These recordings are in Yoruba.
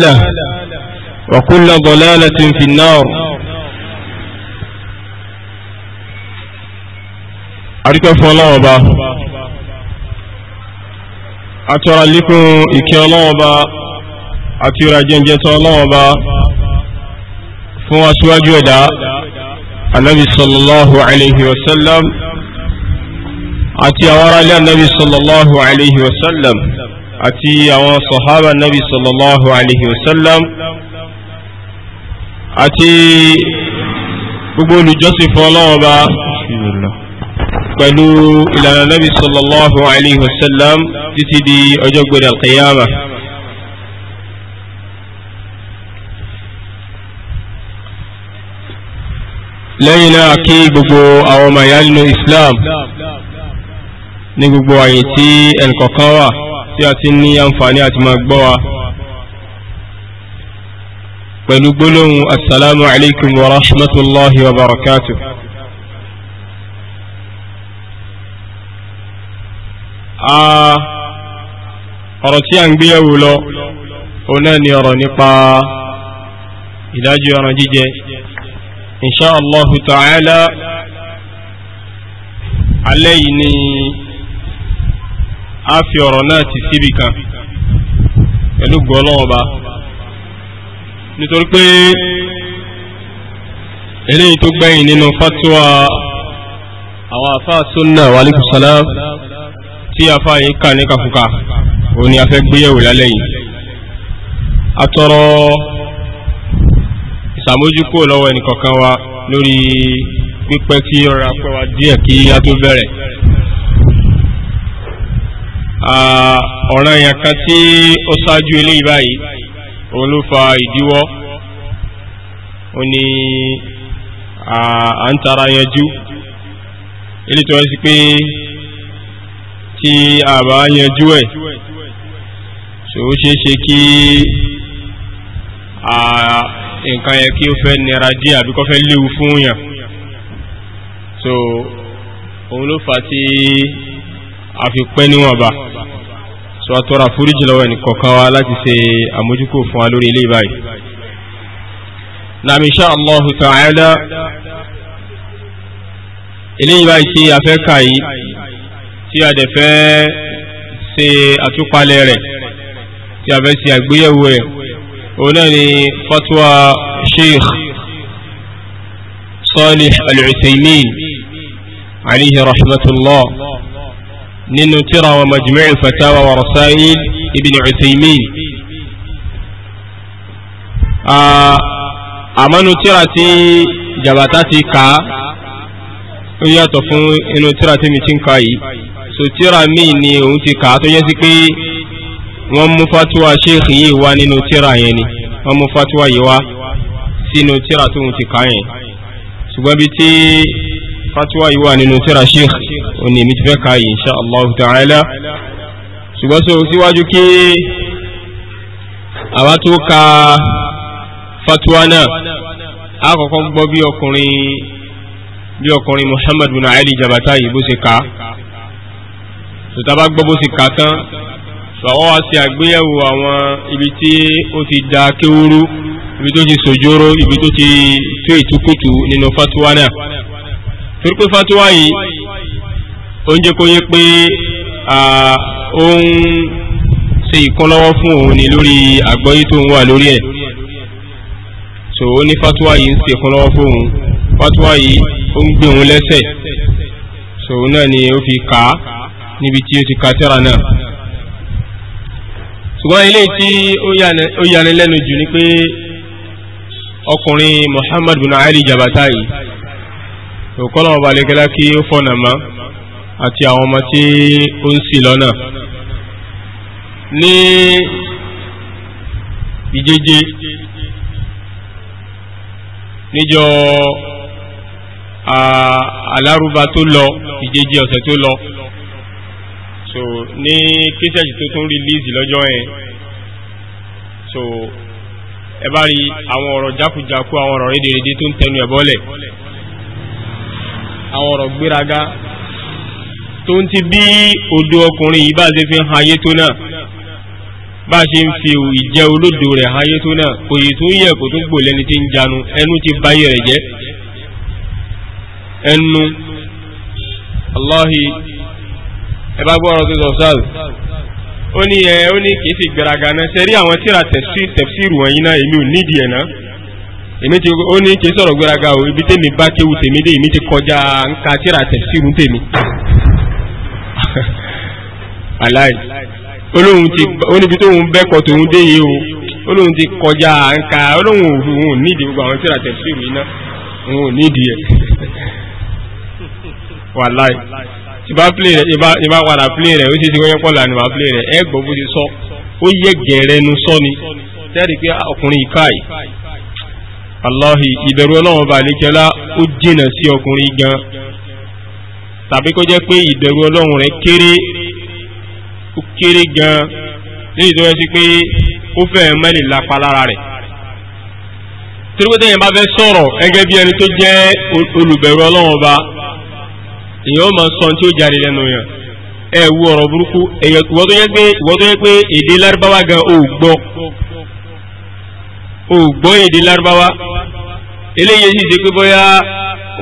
ضلالة وكل ضلالة في النار àríkẹ́ fún ọlọ́run ọba àtọ́ra líkún ìkẹ́ ọlọ́run ọba àti ìrà jẹ́jẹ́ tọ́ ọlọ́run ọba fún aṣíwájú ẹ̀dá anábì sallallahu alayhi wa sallam àti àwọn aráalé anábì sallallahu alayhi wa sallam àti àwọn sọ̀hábà nabi sallallahu alaihi wasallam àti gbogbo olùjọ́sìn fún Ọlọ́run Ọba pẹ̀lú ìlànà nabi sallallahu alaihi wasallam títí di ọjọ́ gbẹ̀rẹ̀ alqiyama lẹ́yìn náà kí gbogbo àwọn ọmọ ìyá Islam ní gbogbo àyè tí ẹnìkọ̀ọ̀kan wà tí a ti ní àǹfààní àti máa gbọ́ wa pẹ̀lú gbólóhùn assalamu alaikum wa rahmatullahi wa barakatuh a ọ̀rọ̀ tí a ń gbéyàwó lọ òun náà ni ọ̀rọ̀ nípa ìdájọ́ ọ̀ràn jíjẹ insha Allahu ta'ala alẹ́ yìí ni a fi ọ̀rọ̀ náà ti síbi kan pẹ̀lú gbọ́lọ́wọ́ bá nítorí pé eléyìí tó gbẹ̀yìn nínú fatuwa àwọn afa sunna wàlíkù salam tí afa yìí kà ní kàfùkà òun ni a fẹ́ gbéyẹ̀wò lálẹ́ yìí atọrọ ìsàmójúkò lọ́wọ́ ẹnìkọ̀ọ̀kan wa lórí pípẹ́ kí ọ̀rọ̀ apẹ́wà díẹ̀ kí a tó bẹ̀rẹ̀ ọ̀ràn èèyàn kan tí ó ṣáájú eléyìí báyìí òun ló fa ìdíwọ́ ó ní à yanjú ilé tó wá sí pé tí a bá yanjú ẹ̀ so ó ṣeé ṣe kí nǹkan yẹn kí ó fẹ́ nira díẹ̀ àbí kó fẹ́ léwu fún yàn so òun ló fà tí àfi pẹ́ níwọ̀nba so àtọ́ra foríjì lọ́wọ́ ẹni kọ̀ọ̀kan wa láti ṣe àmójúkò fún wa lórí ilé báyìí nàmì insha Allahu ta'ala ilé báyìí tí a fẹ́ kà yìí tí a dẹ̀ fẹ́ ṣe àtúpalẹ̀ rẹ̀ tí a fẹ́ ṣe àgbéyẹ̀wò ẹ̀ òun náà ni fatwa sheikh Salih Al-Uthaymin alayhi rahmatullah nínú tíra wa majmu'u fatawa wa rasail ibn Uthaymin àmọ́nu tíra tí jàbàtà ti kà á ó yàtọ̀ fún inú tíra tí mi ti ń ka yìí so tíra míì ni òun ti kà á tó yẹ sí pé wọ́n mú fatuwa sheikh yìí wá nínú tíra yẹn ni wọ́n mú fatuwa yìí wá sínú tíra tó ń ti kà yẹn ṣùgbọ́n bí tí fatiwa yìí wà nínú tírà sheikh òní èmi ti fẹ́ ka yìí insha allah ta'ala ṣùgbọ́n so síwájú kí àwa tó ka fatiwa náà a kọ́kọ́ gbọ́ bí ọkùnrin bí ọkùnrin muhammad bin ali jabata yìí bó ṣe ka sòtábà gbọ́ bó ṣe ka tán sọ̀wọ́ wa ṣe àgbéyẹ̀wò àwọn ibi tí ó ti da kéwúrú ibi tó ti sòjóró ibi tó ti tó ìtukùtù nínú fatiwa náà torí pé fatuwa yìí oúnjẹ kò yẹ pé ó ń ṣe ìkúnlọ́wọ́ fún òun ni lórí àgbọ́yé tó ń wà lórí ẹ̀ so ó ní fatuwa yìí ń ṣe ìkúnlọ́wọ́ fún òun fatuwa yìí ó ń gbé òun lẹ́sẹ̀ so náà ni ó fi kà á níbi tí ó ti ka tẹ́ra náà ṣùgbọ́n ilé tí ó yanilẹ́nu jù ni pé ọkùnrin Muhammad bin Ali Jabata yìí so kọ́lọ̀ ọba alẹ́gẹ́lá kí ó fọ́nà má àti àwọn ọmọ tí ó ń ṣì lọ́nà ní ìjẹjẹ níjọ alárúbá tó lọ ìjẹjẹ ọ̀sẹ̀ tó lọ so ní kíṣẹ́jì tó tún rìlíìsì lọ́jọ́ yẹn so ẹ bá rí àwọn ọ̀rọ̀ jákujàku àwọn ọ̀rọ̀ rédèrèdè tó ń tẹnu ẹ̀bọ́lẹ̀ àwọn ọ̀rọ̀ gbéraga tó ń ti bí odò ọkùnrin yìí bá ṣe fi hàn ayé tó náà bá ṣe ń fi ìjẹ́ olódò rẹ̀ hàn ayé tó náà kò yìí tó ń yẹ kó tó ń gbò lẹ́ni tí ń janu ẹnu ti báyé rẹ̀ jẹ́ ẹnu Allahi ẹ bá gbọ́ ọ̀rọ̀ tó sọ sáà ó ní ẹ ó ní kìí sì gbéraga náà ṣe rí àwọn tíra tẹ̀síìrù wọ̀nyí náà èmi ò nídìí ẹ̀ náà èmi ti ó ní kí n sọ̀rọ̀ gbéraga o ibi tèmi bá kéwu tèmi dé èmi ti kọjá nǹka tíra tẹ̀síru tèmi. aláì olóhùn ti oníbi tóun bẹ́kọ̀ tóun dé yìí o olóhùn ti kọjá nǹka olóhùn òun ò nídìí gbogbo àwọn tíra tẹ̀síru iná òun ò nídìí ẹ̀. wàláì ìbá plé rẹ̀ ìbá padà plé rẹ̀ ó sì ti wọ́n pọ̀ lànà ìbá plé rẹ̀ ẹ̀ gbọ́ bó ti sọ ó yẹ gẹ̀ẹ́rẹ́ sọ ni tẹ́rì pé ọkùnrin ìkáyì aláhi ìbẹ̀rù ọlọ́run ọba àlékẹ́lá ó jìnà sí ọkùnrin gan tàbí kó jẹ́ pé ìbẹ̀rù ọlọ́run rẹ̀ kéré ó kéré gan léyìí tó yẹ sí pé ó fẹ́ẹ̀ mẹ́lì lápá lára rẹ̀ torípótẹ́yìn bá fẹ́ sọ̀rọ̀ gẹ́gẹ́ bí ẹni tó jẹ́ olùbẹ̀rù ọlọ́run ọba èèyàn ó máa sọ tí ó jáde lẹ́nu yàn ẹ wu ọ̀rọ̀ burúkú ìwọ tó yẹ pé èdè lárúbáwá gan ò gbọ́ o gbọ́ èdè lárúbáwá eléyìí sì ṣe pé bóyá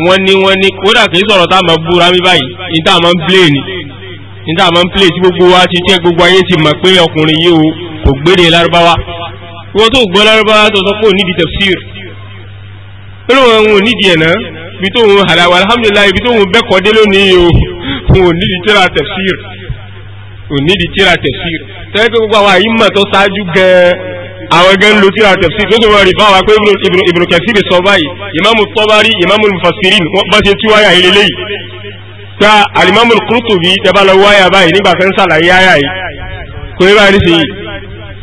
wọ́n ní wọ́n ní kódà kì í sọ̀rọ̀ tá a máa búra mi báyìí ní tá a máa ń plé ni ní tá a máa ń plé tí gbogbo wa ti tẹ́ gbogbo ayé ti mọ̀ pé ọkùnrin yìí o kò gbére lárúbáwá wọ́n tó gbọ́ lárúbáwá tó sọ pé ò nídìí tafsir ó lóun àwọn ò nídìí ẹ̀ náà ibi tó ń hàlàwà alhamdulilayi ibi tó ń bẹ́kọ̀ dé lónìí o ò nídìí tíra tafsir ò àwọn gan lu tíra tẹ̀sí tó tó wọ́n rí fáwọn pé Ibn Kathir sọ báyìí ìmáàmù Tabari ìmáàmù mufassirin wọ́n bá ṣe tú wáyà yìí lélẹ́yìí gba alimamu Qurtubi tẹ́bá lọ wáyà báyìí nígbà kan sàlàyé ayà yìí kò ní báyìí sí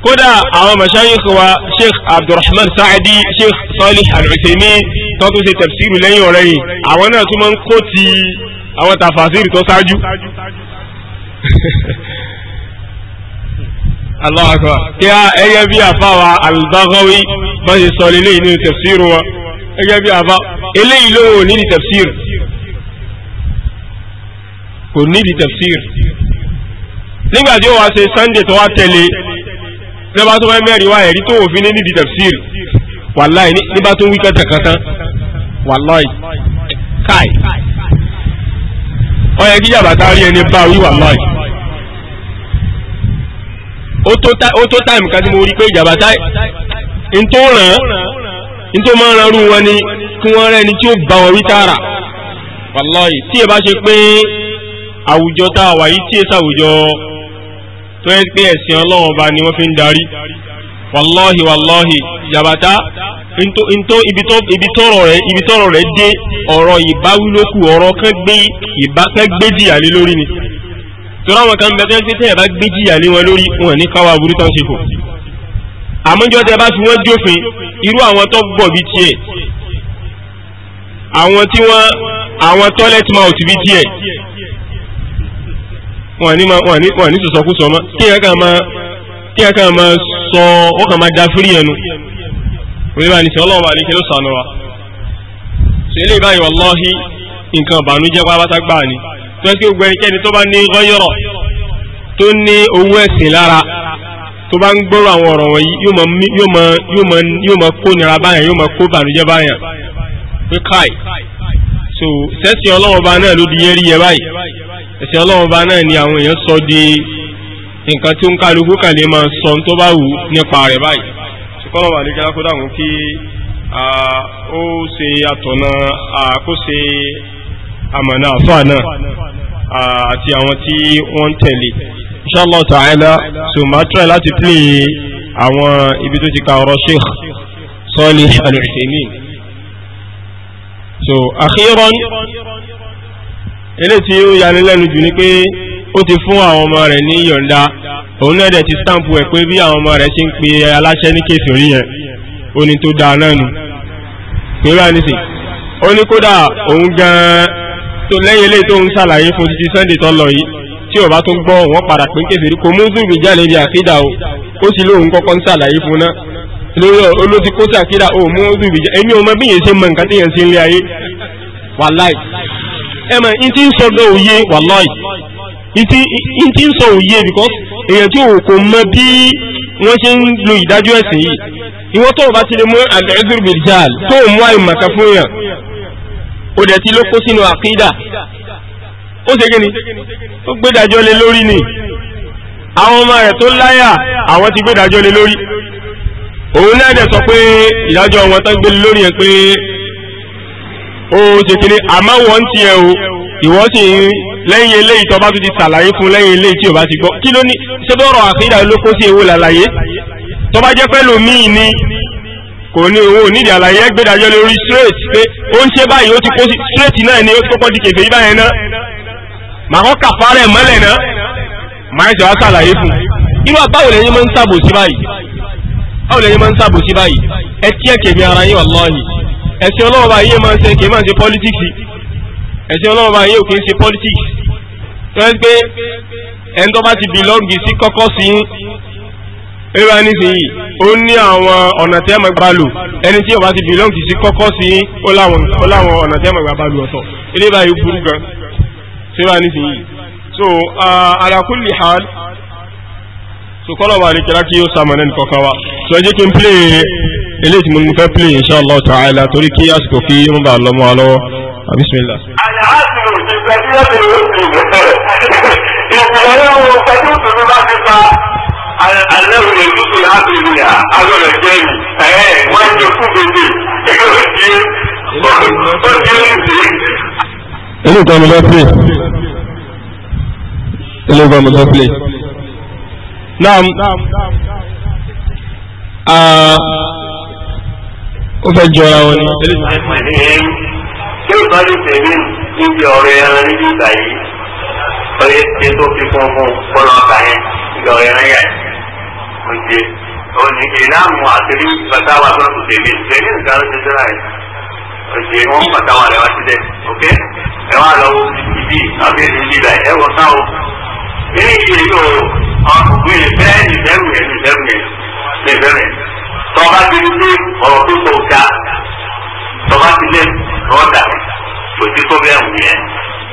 kódà àwọn mashayikh wa sheikh abdulrahman sa'adi sheikh salih al-usaimi tó tún ṣe tafsiru lẹ́yìn ọ̀rẹ́ yìí àwọn náà tún máa ń kó ti àwọn tafasiri tó ṣáájú Allahu akbar kí á ẹgẹ́ bí àfáwà al-Baghawi bá ṣe sọ lélẹ́ inú tafsiru wọn ẹgẹ́ bí àfá eléyìí ló wò nídìí tafsir kò nídìí tafsir nígbà tí ó wá ṣe Sunday tó wá tẹ̀lé nígbà tó wá mẹ́rin wá ẹ̀rí tó wò fi nídìí tafsir wàláì nígbà tó wí kàtàkàtà wàláì káì ọ̀yẹ́ kíjà bàtà rí ẹni bá wí wàláì ó tó táìmù kan tí mo rí pé ìjàmbá táì ń tó ràn án ń tó máa ń rarú wọn ni kí wọ́n rẹ́ni tí ó bá wọn wí tààrà wàláyì tí ẹ bá ṣe pé àwùjọ tá a wà yìí tí ẹ sàwùjọ tó yẹ pé ẹ̀sìn ọlọ́run ọba ni wọ́n fi ń darí wàláhì wàláhì jàbàtà ibi tọrọ rẹ ibi tọrọ rẹ dé ọ̀rọ̀ ìbáwí lókù ọ̀rọ̀ kan gbé jìyà lé lórí ni tọ́rọ àwọn kan bẹ̀rẹ̀ sí tẹ́yẹ̀ bá gbé jìyà lé wọn lórí wọn ní káwà burú tán sí kò àmọ́jọ́ tẹ́ bá fi wọ́n jófin irú àwọn tó gbọ̀ bí tiẹ̀ àwọn tí wọ́n àwọn toilet mouth bí tiẹ̀ wọn ní wọn ní sọ̀sọ́kúsọ mọ́ kí ẹ kàn máa kí ẹ kàn máa sọ ó kàn máa da fúrí ẹnu òye bá ní sọ ọlọ́wọ́ àlékè ló sànù wa ṣe eléyìí báyìí wàlọ́hí nǹkan ìbànújẹ́ pátápátá gbáà ni tó ń pè gbogbo ẹnikẹ́ni tó bá ní gọ́yọ̀rọ̀ tó ní owó ẹ̀sìn lára tó bá ń gbọ́rọ̀ àwọn ọ̀rọ̀ wọ̀nyí yóò mọ kó nira báyàn yóò mọ kó bànújẹ́ báyàn pé káì so sẹ́sìn ọlọ́wọ́ba náà ló di yẹ́rí yẹ báyìí ẹ̀sìn ọlọ́wọ́ba náà ni àwọn èèyàn sọ di nǹkan tí ó ń kálukú kàn lè máa sọ tó bá wù nípa rẹ̀ báyìí ṣùkọ́nà wà lẹ́gbẹ́ lákúdà wọn kí ó ṣe àtọ̀nà àkóṣe àmọ̀nà àfáà náà àti àwọn tí wọ́n tẹ̀lé inshallah ta'ala so ma try láti play àwọn ibi tó ti ka ọ̀rọ̀ sheikh Salih Al-Uthaymin so akhiran eléyìí tí ó yanilẹ́nu jù ni pé ó ti fún àwọn ọmọ rẹ̀ ní yọ̀ǹda òun náà dẹ̀ ti stamp ẹ̀ pé bí àwọn ọmọ rẹ̀ ṣe ń pe aláṣẹ ní kéfì orí yẹn ó ní tó dáa náà nù pé báyìí nìsín ó ní kódà òun gan-an tó lẹ́yìn eléyìí tó ń ṣàlàyé fún títí sunday tó lọ yìí tí ò bá tún gbọ́ wọn padà pé ń kèfèrí kò mùsùlùmí jáde bí àkídà o ó sì lóun kọ́kọ́ ń ṣàlàyé fún náà lórí olóti kó sàkídà o mùsùlùmí jáde ẹni ọmọ bí yẹn ṣe mọ nǹkan tí yẹn ṣe ń lé ayé wàláì ẹ mọ n ti ń sọ gbọ́ òye wàláì n ti ń sọ òye because èèyàn tí òun kò mọ bí wọ́n ṣe ń lo ìdájọ́ ẹ̀sìn yìí ìwọ́n tó o bá ti lè mú àgbẹ̀ ó dẹ̀ tí ló kó sínú àkídà ó ṣe kí ni ó gbédàjọ́ lé lórí ni àwọn ọmọ rẹ̀ tó láyà àwọn ti gbédàjọ́ lé lórí òun náà dẹ̀ sọ pé ìdájọ́ wọn tán gbé lórí ẹ̀ pé ó ṣe kí ni àmọ́ wọ́n ti ẹ̀ o ìwọ sì ń lẹ́yìn eléyìí tó bá tún ti ṣàlàyé fún lẹ́yìn eléyìí tí ò bá ti gbọ́ kí ló ní ṣé bọ́rọ̀ àkídà ló kó sí ewu làlàyé tó bá jẹ́ pẹ́ lòmíì ni kò ní owó onídìí àlàyé ẹgbẹ́dájọ́ lórí straight pé ó ń ṣe báyìí ó ti kó straight náà ni ó ti kọ́kọ́ di kèfé yí báyẹn náà màá kọ́ kàfárẹ̀ mọ́lẹ̀ náà màá ṣe wá sàlàyé fún irú àbáwò lẹ́yìn máa ń sàbò sí báyìí báwo lẹ́yìn máa ń sàbò sí báyìí ẹ tí ẹ kèmí ara yín wàláhì ẹ̀sìn ọlọ́wọ́ bá máa ń ṣe kèmí máa ń ṣe politics ẹ̀sìn ọlọ́wọ́ bá yé òkè politics tó yẹ pé ẹni tó bá ti ríra nísìnyí ó ní àwọn ọ̀nà tí a máa gbà lò ẹni tí ó bá ti bìlọ́ǹkì sí kọ́kọ́ sí ó láwọn ọ̀nà tí a máa gbà lò ọ̀tọ̀ ilé báyìí burú gan ríra nísìnyí so ala kulli hal so kọ́lọ̀ wà ní kíra kí ó sàmọ̀ lẹ́nu kọ̀ọ̀kan wa so ẹ jẹ́ kí n play eléyìí tí mo fẹ́ play insha Allah ta'ala torí kí àsìkò kí ó ń bà lọ́mọ alọ́wọ́ bismillah. àlàáfíà òṣèlú ìgbàdúrà tó ń bọ̀ ìgbàdúrà tó ń bá ti fa aláwọ̀ lè dúdú lábẹ́rẹ́ yà agbọ̀dọ̀ jẹ́ mi ẹ̀ wọ́n jẹ fún bèbè ó di ó di ilé ìtàn mi lọ́pẹ́ ilé ìtàn mi lọ́pẹ́ náà ó fẹ́ jọra wọn ni. ṣé ìbálòpọ̀ ní ibi ọ̀rẹ́ ẹran níbi ìgbà yìí? oye ṣe tó fi kún fún kọlọ ọkà yẹn ìgbà ọ̀rẹ́ náà yà oúnjẹ òní ìlànà àtẹrí pàtàwà tó kù tèmi tèmi nǹkan ló ti sẹ́ra yẹn oúnjẹ wọn pàtàwà rẹ wá sílẹ̀ ok ẹ wá lọ ibi àbí ẹni nílà ẹ wọ sá o ilé ìṣe yìí o ọkùnrin ìfẹ́ ìfẹ́rù yẹn ìfẹ́rù yẹn ìfẹ́rù yẹn tọ́ba ti ní pé ọ̀rọ̀ tó kọ̀ ọ̀gá tọ́ba ti lé ọ̀dà kò sí tó bẹ́ẹ̀ wù yẹn.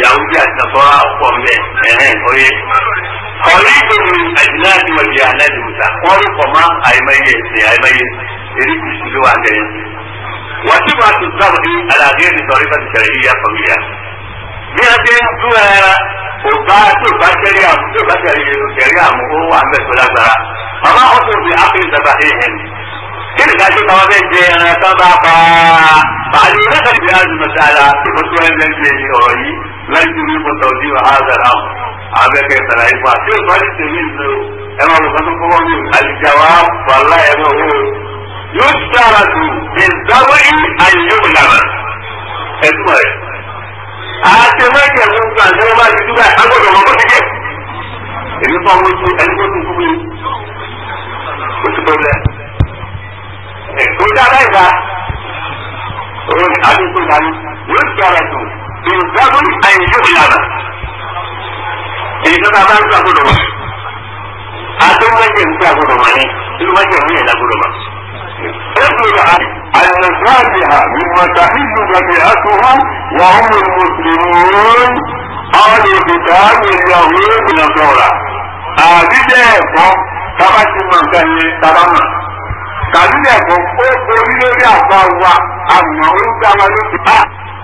yahudi àti nasọra ọ̀pọ̀ mbẹ ẹhẹn oye kọlí tóbi àdìláàdì wàlí àlàdì wùtà wọn ló kọ má àyèmáyé ṣe àyèmáyé èyí kù sí wa gẹyẹ wọn ti máa tún sábà ní àlàdé ní sọrí ká ti sẹrẹ yìí yà fọmí yà bí a ti ń tú ẹ òbá tí òbá sẹrí àmú tí òbá sẹrí sẹrí àmú ó wà mbẹ tó lágbára màmá wọn tó fi ápè ìjọba ẹhẹn kí ni kájú káwọn fẹẹ jẹ ẹran sábà pa màálù náà kàdé bí a ti mọ sí tó tó ẹgbẹ ń ọ̀rọ̀ yìí láì tí mi kò tọ̀jú àádọ́ra o abẹ́kẹ́ ìtàlá ipò àti ìbáyé tèmi ìlú ẹ máa lọ́kàn tó kọ́kọ́ mi àlìjáwá wàlá ẹ máa wó yóò sára tù ìdáwó yìí àyè ìlànà ẹ̀dùnmọ̀ rẹ̀. àti mẹ́kẹ̀ ló ń gbà ní wọ́n bá agbọ̀dọ̀ wọn bó ti jẹ́. èmi fọ́ mo tún ẹni tó tún fún mi o ti tó lẹ. ẹ̀kọ́ dáadáa ìgbà òun àdúgbò dání yóò sára tù ìgbàgbọ́n àyẹ̀jọ́ ìlànà èyí tó bá bá ń gbàgbọ́dọ̀ wá àtọ́wọ́jẹ̀ ń gbàgbọ́dọ̀ wá ní ìlúwájẹ̀ ń yẹ̀ lágbọ́dọ̀ wá. ابلغ المفاتحة مما تحل بدئتها وهم المسلمون أهل الكتاب اليهود نصارى àdídẹ ẹ̀kọ́ tábàtì mọ̀ọ́kẹ́ ni tábàmọ̀ kàdídẹ ẹ̀kọ́ ó borí lórí àgbà wa àmọ́ ó ń gbà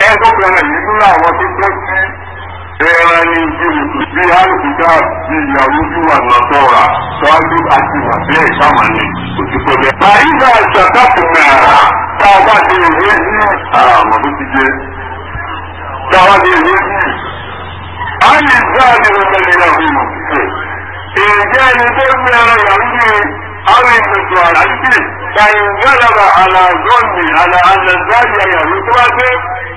ẹ tó bẹ̀rẹ̀ yìí nínú àwọn tó tó sí ẹran ní jìnnìkù bí alùpùpù bí ìyàwó bí wà náà tọ́ra tọ́jú àti ìwàsílẹ̀ ìsàmàlẹ̀ òtítọ́ bẹ́ẹ̀. báyìí náà ṣàkàtù náà tá a bá ti rí rí àmọ́ tó ti jẹ́ tá a bá ti rí rí àyè ìgbàdì rẹ̀ lẹ́yìn àwọn ìmọ̀ ìjẹ́ ẹni tó ń bẹ̀rẹ̀ yàrá ní àwọn ìṣètò àlàyé فإن غلب على ظن على أن الزانية يهود واجب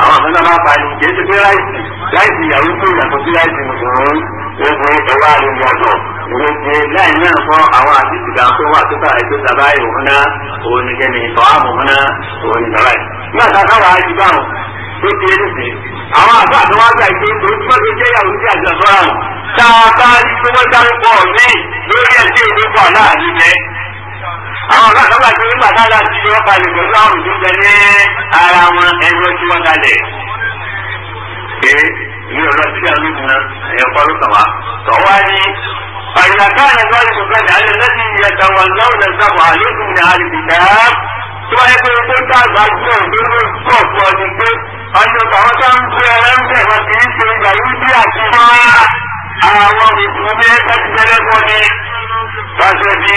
àwọn àfẹnà máa pa ni kì í ṣe pé láìsí láìsí ìyàwó tó yàtọ̀ sí láìsí mùsùlùmí ogun ẹwà àlejò ìrètí láì náà fọ àwọn àtìsí kan tó wà tó tàbí tó tàbá ìhùnà oníkẹ́ni ìtọ́wàmù hùnà oníkẹ́ni. nígbà tá a káwọ́ àjù báwọn tó ti ẹni sí àwọn àbá àti wọn gbà pé tó tí wọ́n ti jẹ́ ìyàwó sí àjọ sọ́ra wọn. tá a bá rí wọ́n dárúkọ àwọn kan sọ́gbà tó nígbà táwọn àti ìjọba balẹ̀ pẹ̀lú àwọn ìjọba ní ara wọn ẹgbẹ́ tí wọ́n dalẹ̀. pé ìlú ọ̀rọ̀ sí àwọn ìdùnnà ẹ̀yẹ kọ́lù kàn wá. tọ́wá ní ọ̀yìnbá káwọn ẹ̀gbọ́n àlejò kan ní alẹ́ lẹ́sìn ìyá tàwọn náà lè sàmù àlékún ní àlùkìtà. tí wọ́n yẹ fún ọdún pé ṣe ìgbà yìí bí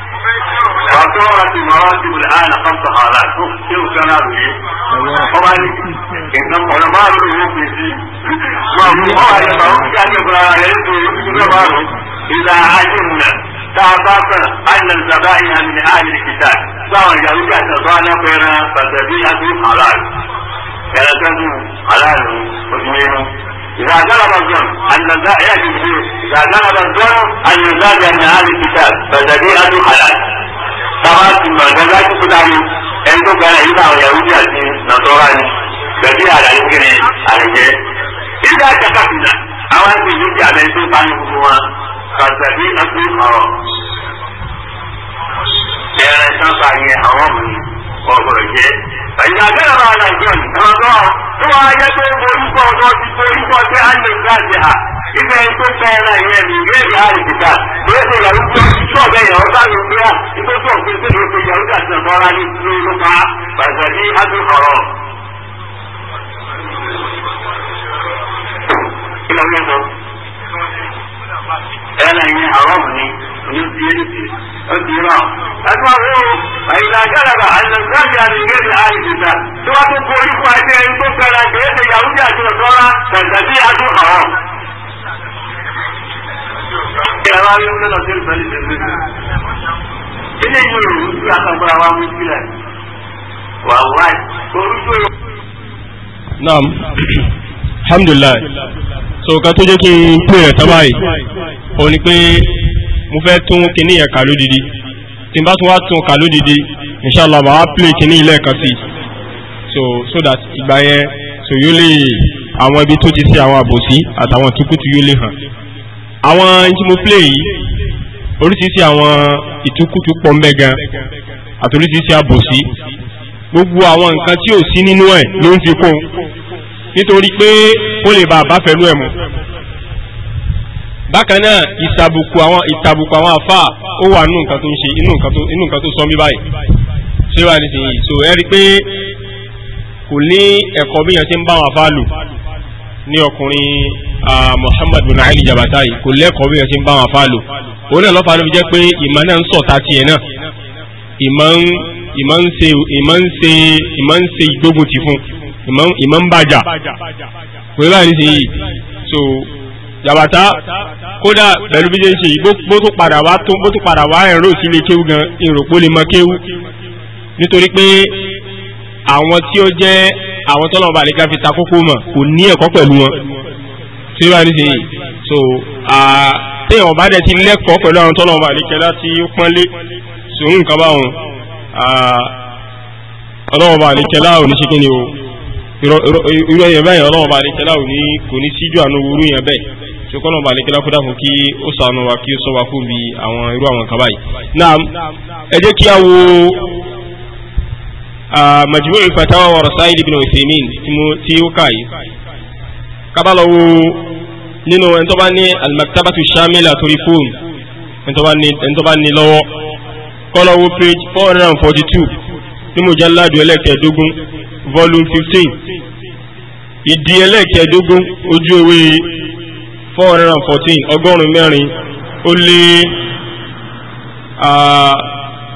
تعتبر المراتب الآن خمس حالات شوف شوف كلامه طبعا إن العلماء الأوروبيين ما هو كان إذا علمنا تعرفنا أن الزبائن من أهل الكتاب سواء يهود أتصال بين فالذبيحة حلال كانت حلال وجميل إذا غلب الظن أن يجب إذا غلب الظن أن يزاد من هذا الكتاب فذبيحة حلال bàbá ti mọ̀ gẹ́gẹ́ láti fún dání ẹni tó gbára yìí báwọn yàrá ìdí àti nàtọ́ra ni bẹ̀bí àlàyé kiri àlàyé. ìdá àjàkàtìlà àwọn àti ìlú ti àlẹ́ tó báyìí gbogbo wọn kàtà ní ọdún ọ̀rọ̀. ẹ̀rẹ̀ sáfà yẹn àwọn ọmọ ọ̀gbọ̀rọ̀ jẹ́ ìgbà tí ọ̀rọ̀ àyà ìjọ ìrọ̀lọ́ tó wá yẹ pé orúkọ ọ̀dọ́ ti tó orúkọ tí a lè gbàgbé ha ibẹ̀ tó fẹ́ ẹ̀rọ ìyẹn ní ìwé ìyá ìdìbà lóye tó yàrá tó sọ bẹ́ẹ̀ yàrá bá mi gbé ọ́ tó sọ pé tó lè pe yàrá tó àti ọ̀bọ̀ra ní ìlú ló pa bàtà ní adúkọ̀rọ̀. Kí ló ń lọ? ẹnna yẹn àrọ́ọ̀mù ni ní ti yé ti ó ti yé báwọn. láti wá wó àyìnlá jálàbà àlùfáàbí àlùfẹ́ ní àyèjìta tí wọ́n tún kó orí fún ẹgbẹ́ ẹni tó fẹ́ra kẹ́hẹ́sẹ̀ yahudi àti ọ̀tọ́ra tàbí adó àwọn. ìyàrá yóò lọ́nà tó ń wa mú sílẹ̀. wàá wáyé orúkọ yóò. naam alhamdulilayi so ka tó jẹ́ kí n pè ẹ̀ tábàyì ó ní pé mo fẹ́ tún kíní yẹn kà lódìdí tí n bá tún wá tún kà lódìdí inṣàlá mà á play kíní ilé ẹ̀kan sí so so that ìgbà yẹn so yóò lè àwọn ibi tó ti sí àwọn àbòsí àtàwọn ìtúkùtù yóò lè hàn àwọn tí mo play yìí oríṣiríṣi àwọn ìtúkùtù pọ̀ mbẹ́ gan àti oríṣiríṣi àbòsí gbogbo àwọn nǹkan tí ò sí nínú ẹ̀ ló ń fi kún nítorí pé ó lè bá a lú ẹ̀ mọ́ bákan náà ìtàbùkù àwọn ìtàbùkù àwọn àfà ó wà nínú nǹkan tó ń ṣe inú nǹkan tó sọ mí báyìí ṣé wà nísìnyí so ẹ rí i pé kò ní ẹ̀kọ́ bí yẹn ti ń bá àwọn àfà lò ní ọkùnrin Muhammad bin Ali Jabatai kò lẹ́kọ̀ọ́ bí yẹn ti ń bá àwọn àfà lò òun náà lọ́fà ló fi jẹ́ pé ìmọ̀ náà ń sọ̀tà tiẹ̀ náà ìmọ̀ ń ṣe ìmọ̀ ń ṣe ìmọ̀ ń ṣe ìgbógun fún ìmọ̀ ń bàjà kò ní báyìí nísìnyí so jabata kódà pẹ̀lú bí ṣe ń ṣe yìí bó tún padà wá tó bó tún padà wá ẹ̀rọ òsínlé kéwú gan ìròpó lè mọ kéwú nítorí pé àwọn tí ó jẹ́ àwọn tọ́lọ̀ bá lè ga fi ta kókó mọ̀ kò ní ẹ̀kọ́ pẹ̀lú wọn tí wọ́n ní sèyí so téèyàn bá dẹ̀ ti lẹ́kọ̀ọ́ pẹ̀lú àwọn tọ́lọ̀ bá lè kẹ́lá pọ́nlé sòun nǹkan báwọn ọlọ́wọ́ bá lè kẹ́lá o irú ẹ̀yẹ báyìí ọlọ́run bá lè kẹ́lá kò ní síjú àánú wúrú yẹn bẹ́ẹ̀ ṣùgbọ́n ọlọ́run bá lè kẹ́lá kó dákun kí ó ṣàánú wa kí ó sọ wa fún bí àwọn irú àwọn kan báyìí. náà ẹ jẹ́ kí a wo majmu'i fatawa wa rasail ibn Uthaymin tí ó kà yìí kábà lọ wo nínú ẹni ní al shamila torí fóònù ẹni tó bá ní lọ́wọ́ kọ́lọ́wọ́ page four hundred and forty two ní mujalladu ẹlẹ́kẹ̀ẹ́dógún volume fifteen ìdí ẹlẹ́kẹ̀ẹ́dógún ojú ewé four hundred and fourteen ọgọ́rùn-ún mẹ́rin ó lé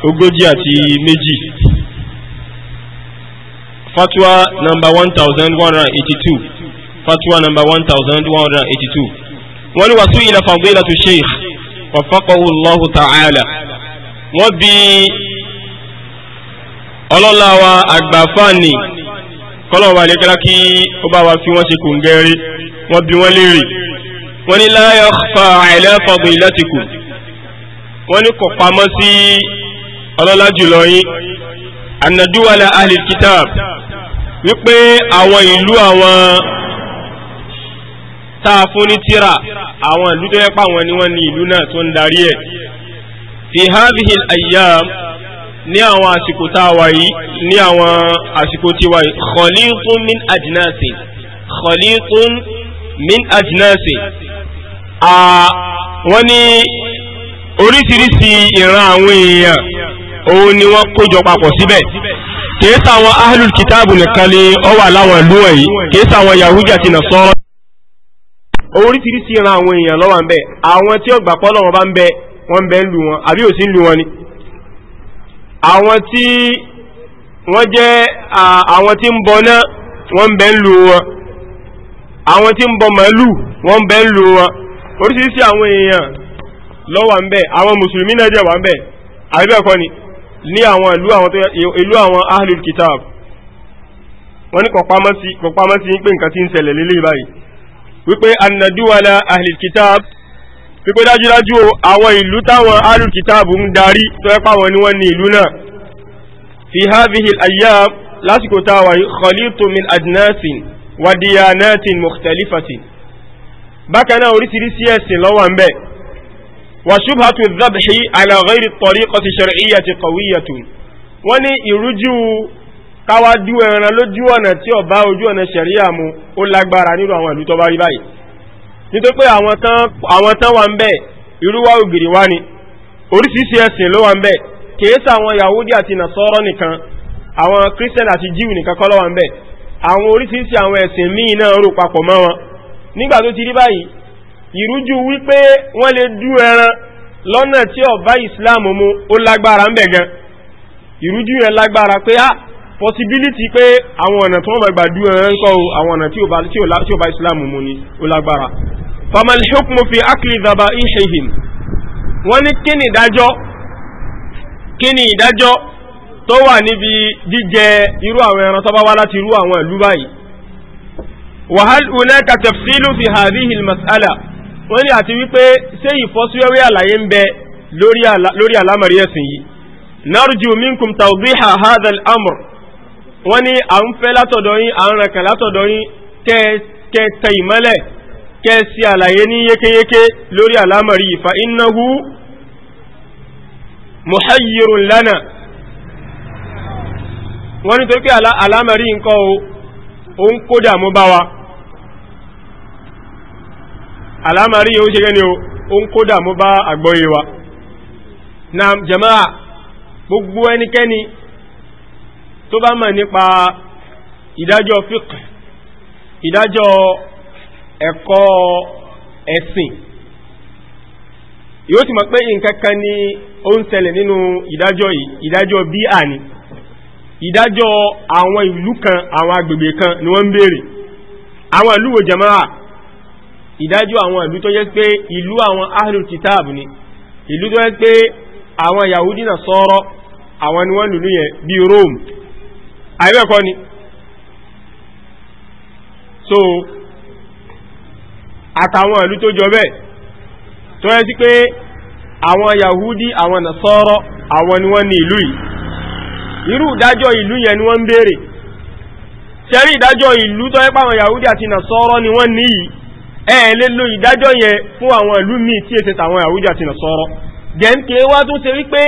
ogójì àti méjì fatwa number one thousand one hundred and eighty-two fatwa number one thousand one hundred and eighty-two wọ́n ní wàásù ìlà fàgbélà tó sheikh wàfàkọ̀wò Allahu ta'ala wọ́n bí ọlọ́lá wa àgbàfáàní kọ́lọ̀wà lẹ́kẹ́lá kí ó bá wa fi wọ́n ṣe kòǹgẹ́ rí wọ́n bí wọ́n léèrè wọ́n ní la yakhfa ala fadilatikum wọ́n ní kò pamọ́ sí ọlọ́lá jùlọ yín anna duwala ahlil kitab wípé àwọn ìlú àwọn táa fún ní tíra àwọn ìlú tó yẹ pa àwọn ni wọ́n ní ìlú náà tó ń darí ẹ̀ fi hadhihi al ní àwọn àsìkò tá a wà yìí ní àwọn àsìkò tí wà yìí khalīṭun min ajnāsin khalīṭun min ajnāsin wọ́n ní oríṣiríṣi ìran àwọn èèyàn òun ni wọ́n kójọ papọ̀ síbẹ̀ kìí sáwọn ahlul kitaabu nìkan ni ó wà láwọn ìlú wọ̀nyí kìí sáwọn yahudi àti nasara oríṣiríṣi ìran àwọn èèyàn ló wà ń bẹ àwọn tí ó gbà pé Ọlọ́run bá ń bẹ wọ́n ń bẹ ń lu wọn àbí òsì ń lu wọn ni àwọn tí wọ́n jẹ́ àwọn tí ń bọ náà wọ́n bẹ̀ ń lò wọn àwọn tí ń bọ màálù wọ́n bẹ̀ ń lò wọn oríṣiríṣi àwọn èèyàn ló wà ń bẹ àwọn mùsùlùmí náà jẹ́ wà ń bẹ àríbẹ̀kọ́ ni ní àwọn ìlú àwọn tó ìlú àwọn ahlul kitab wọ́n ní kọ̀pámọ́sí ní pé nǹkan tí ń ṣẹlẹ̀ lélẹ́ báyìí wípé annaduwala ahlul kitab pípé dájúdájú àwọn ìlú táwọn alùkítàbù ń darí tó ẹ́pà wọn ni wọ́n ní ìlú náà fi hadhihi al-ayyam lásìkò táwà khalitu min adnasin wa diyanatin mukhtalifatin bákan náà oríṣiríṣi ẹ̀sìn ló wà ń bẹ wa shubhatu dhabhi ala ghayri tariqati shar'iyyati qawiyatun wọ́n ní ìrújú káwájú ẹran lójú ọ̀nà tí ó ojú ọ̀nà ṣẹ̀ríyà mu ó lágbára nínú àwọn ìlú tó bá rí báyìí nítorí pé àwọn tán wà ń bẹ irúwá ògìrì wá ni oríṣiríṣi ẹ̀sìn ló wà ń bẹ kèésà àwọn yahudi àti nasọ́rọ́ nìkan àwọn christian àti jew nìkan kọ́ ló wà ń bẹ àwọn oríṣiríṣi àwọn ẹ̀sìn míì náà rò papọ̀ mọ́ wọn nígbà tó ti rí báyìí ìrújú wípé wọ́n lè dú ẹran lọ́nà tí ọ̀bá ìsìláàmù mu ó lágbára ń bẹ gan ìrújú yẹn lágbára pé ah possibility pé àwọn ọ̀nà tí wọ́n bá gbà dú ẹran kọ́ àwọn ọ̀nà tí ò bá mu ni ó lágbára famal hukmu fi akli dhabaihihim wọ́n ní kí ni ìdájọ́ kí ni ìdájọ́ tó wà níbi jíjẹ irú àwọn ẹran tó bá wá láti irú àwọn ìlú báyìí wa hal hunaka tafsilu fi hadhihi al-mas'ala wọ́n ní àti wípé ṣé ìfọ́síwẹ́wẹ́ àlàyé ń bẹ lórí àlámọ̀rí ẹ̀sìn yìí narju minkum tawdiha hadha al-amr wọ́n ní à ń fẹ́ látọ̀dọ̀ yín à ń rẹ̀kàn látọ̀dọ̀ yín kẹ́ẹ̀sí àlàyé ní yékéyéké lórí àlámọ̀rí fa innahu muhayyirun lana wọ́n ni tó pé àlámọ̀rí nǹkan o ń kó dàmú bá wa àlámọ̀rí yóò ṣe gẹ́ni o ń kó dàmú bá àgbọ́yé wa na jama'a gbogbo ẹnikẹ́ni tó bá mọ̀ nípa ìdájọ́ fiqh ìdájọ́ ẹ̀kọ́ ẹ̀sìn yóò ti mọ̀ pé ni ó ń nínú ìdájọ́ yìí ìdájọ́ bí ìdájọ́ àwọn kan àwọn agbègbè kan ni wọ́n ń béèrè àwọn ìlú wo ìdájọ́ ni ìlú tó jẹ́ pé àwọn yahudi sọ́rọ́ àwọn ni wọ́n lùlú yẹn bí ni so àtàwọn ìlú tó jọ bẹ́ẹ̀ tó yẹ sí pé àwọn yahudi àwọn nasọ́rọ́ àwọn ni wọ́n ní ìlú yìí irú ìdájọ́ ìlú yẹn ni wọ́n ń béèrè ṣẹ́rí ìdájọ́ ìlú tó yẹ àwọn yahudi àti nasọ́rọ́ ni wọ́n ní yìí ẹ̀ lè lo ìdájọ́ yẹn fún àwọn ìlú míì tí èsẹ̀ tàwọn yahudi àti nasọ́rọ́ gẹ̀ǹkè wá tún ṣe wípé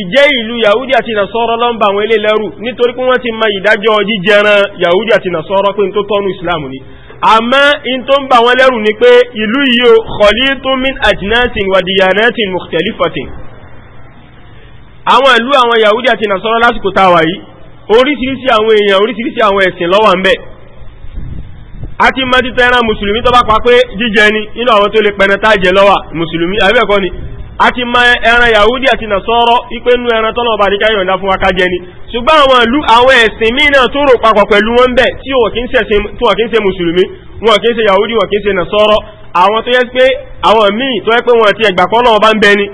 ìjẹ́ ìlú yahudi àti nasọ́rọ́ ló ń ba àwọn ilé lẹ́rù nítorí pé wọ́n ti mọ ìdájọ́ jíjẹran yahudi àti nasọ́rọ́ pé n tó tọ́nu ìsìlámù ni àmọ́ in tó ń bà wọ́n lẹ́rù ni pé ìlú yìí o khalitun min ajnasin wa diyanatin mukhtalifatin àwọn ìlú àwọn yahudi àti nasọ́rọ́ lásìkò tá a wà yìí oríṣiríṣi àwọn èèyàn oríṣiríṣi àwọn ẹ̀sìn ló wà ń bẹ̀ a ti mọ́ títẹ́ ẹran mùsùlùmí tó bá pa pé jíjẹ ni nínú àwọn tó lè pẹnẹtá jẹ ló mùsùlùmí àbẹ́ẹ̀kọ́ ni a ma ẹran yahudi àti nasọ́rọ́ ipé nú ẹran tọ́nà ọba àdíká yọ̀nda fún akájẹ ni ṣùgbọ́n àwọn ìlú àwọn ẹ̀sìn míì náà tó rò papọ̀ pẹ̀lú wọn bẹ̀ tí wọ́n kí ń ṣe mùsùlùmí wọn kí ń ṣe yahudi wọn kí ń ṣe nasọ́rọ́ àwọn tó yẹ pé àwọn míì tó yẹ pé wọn ti ẹgbà pọ́ náà bá ń bẹ ni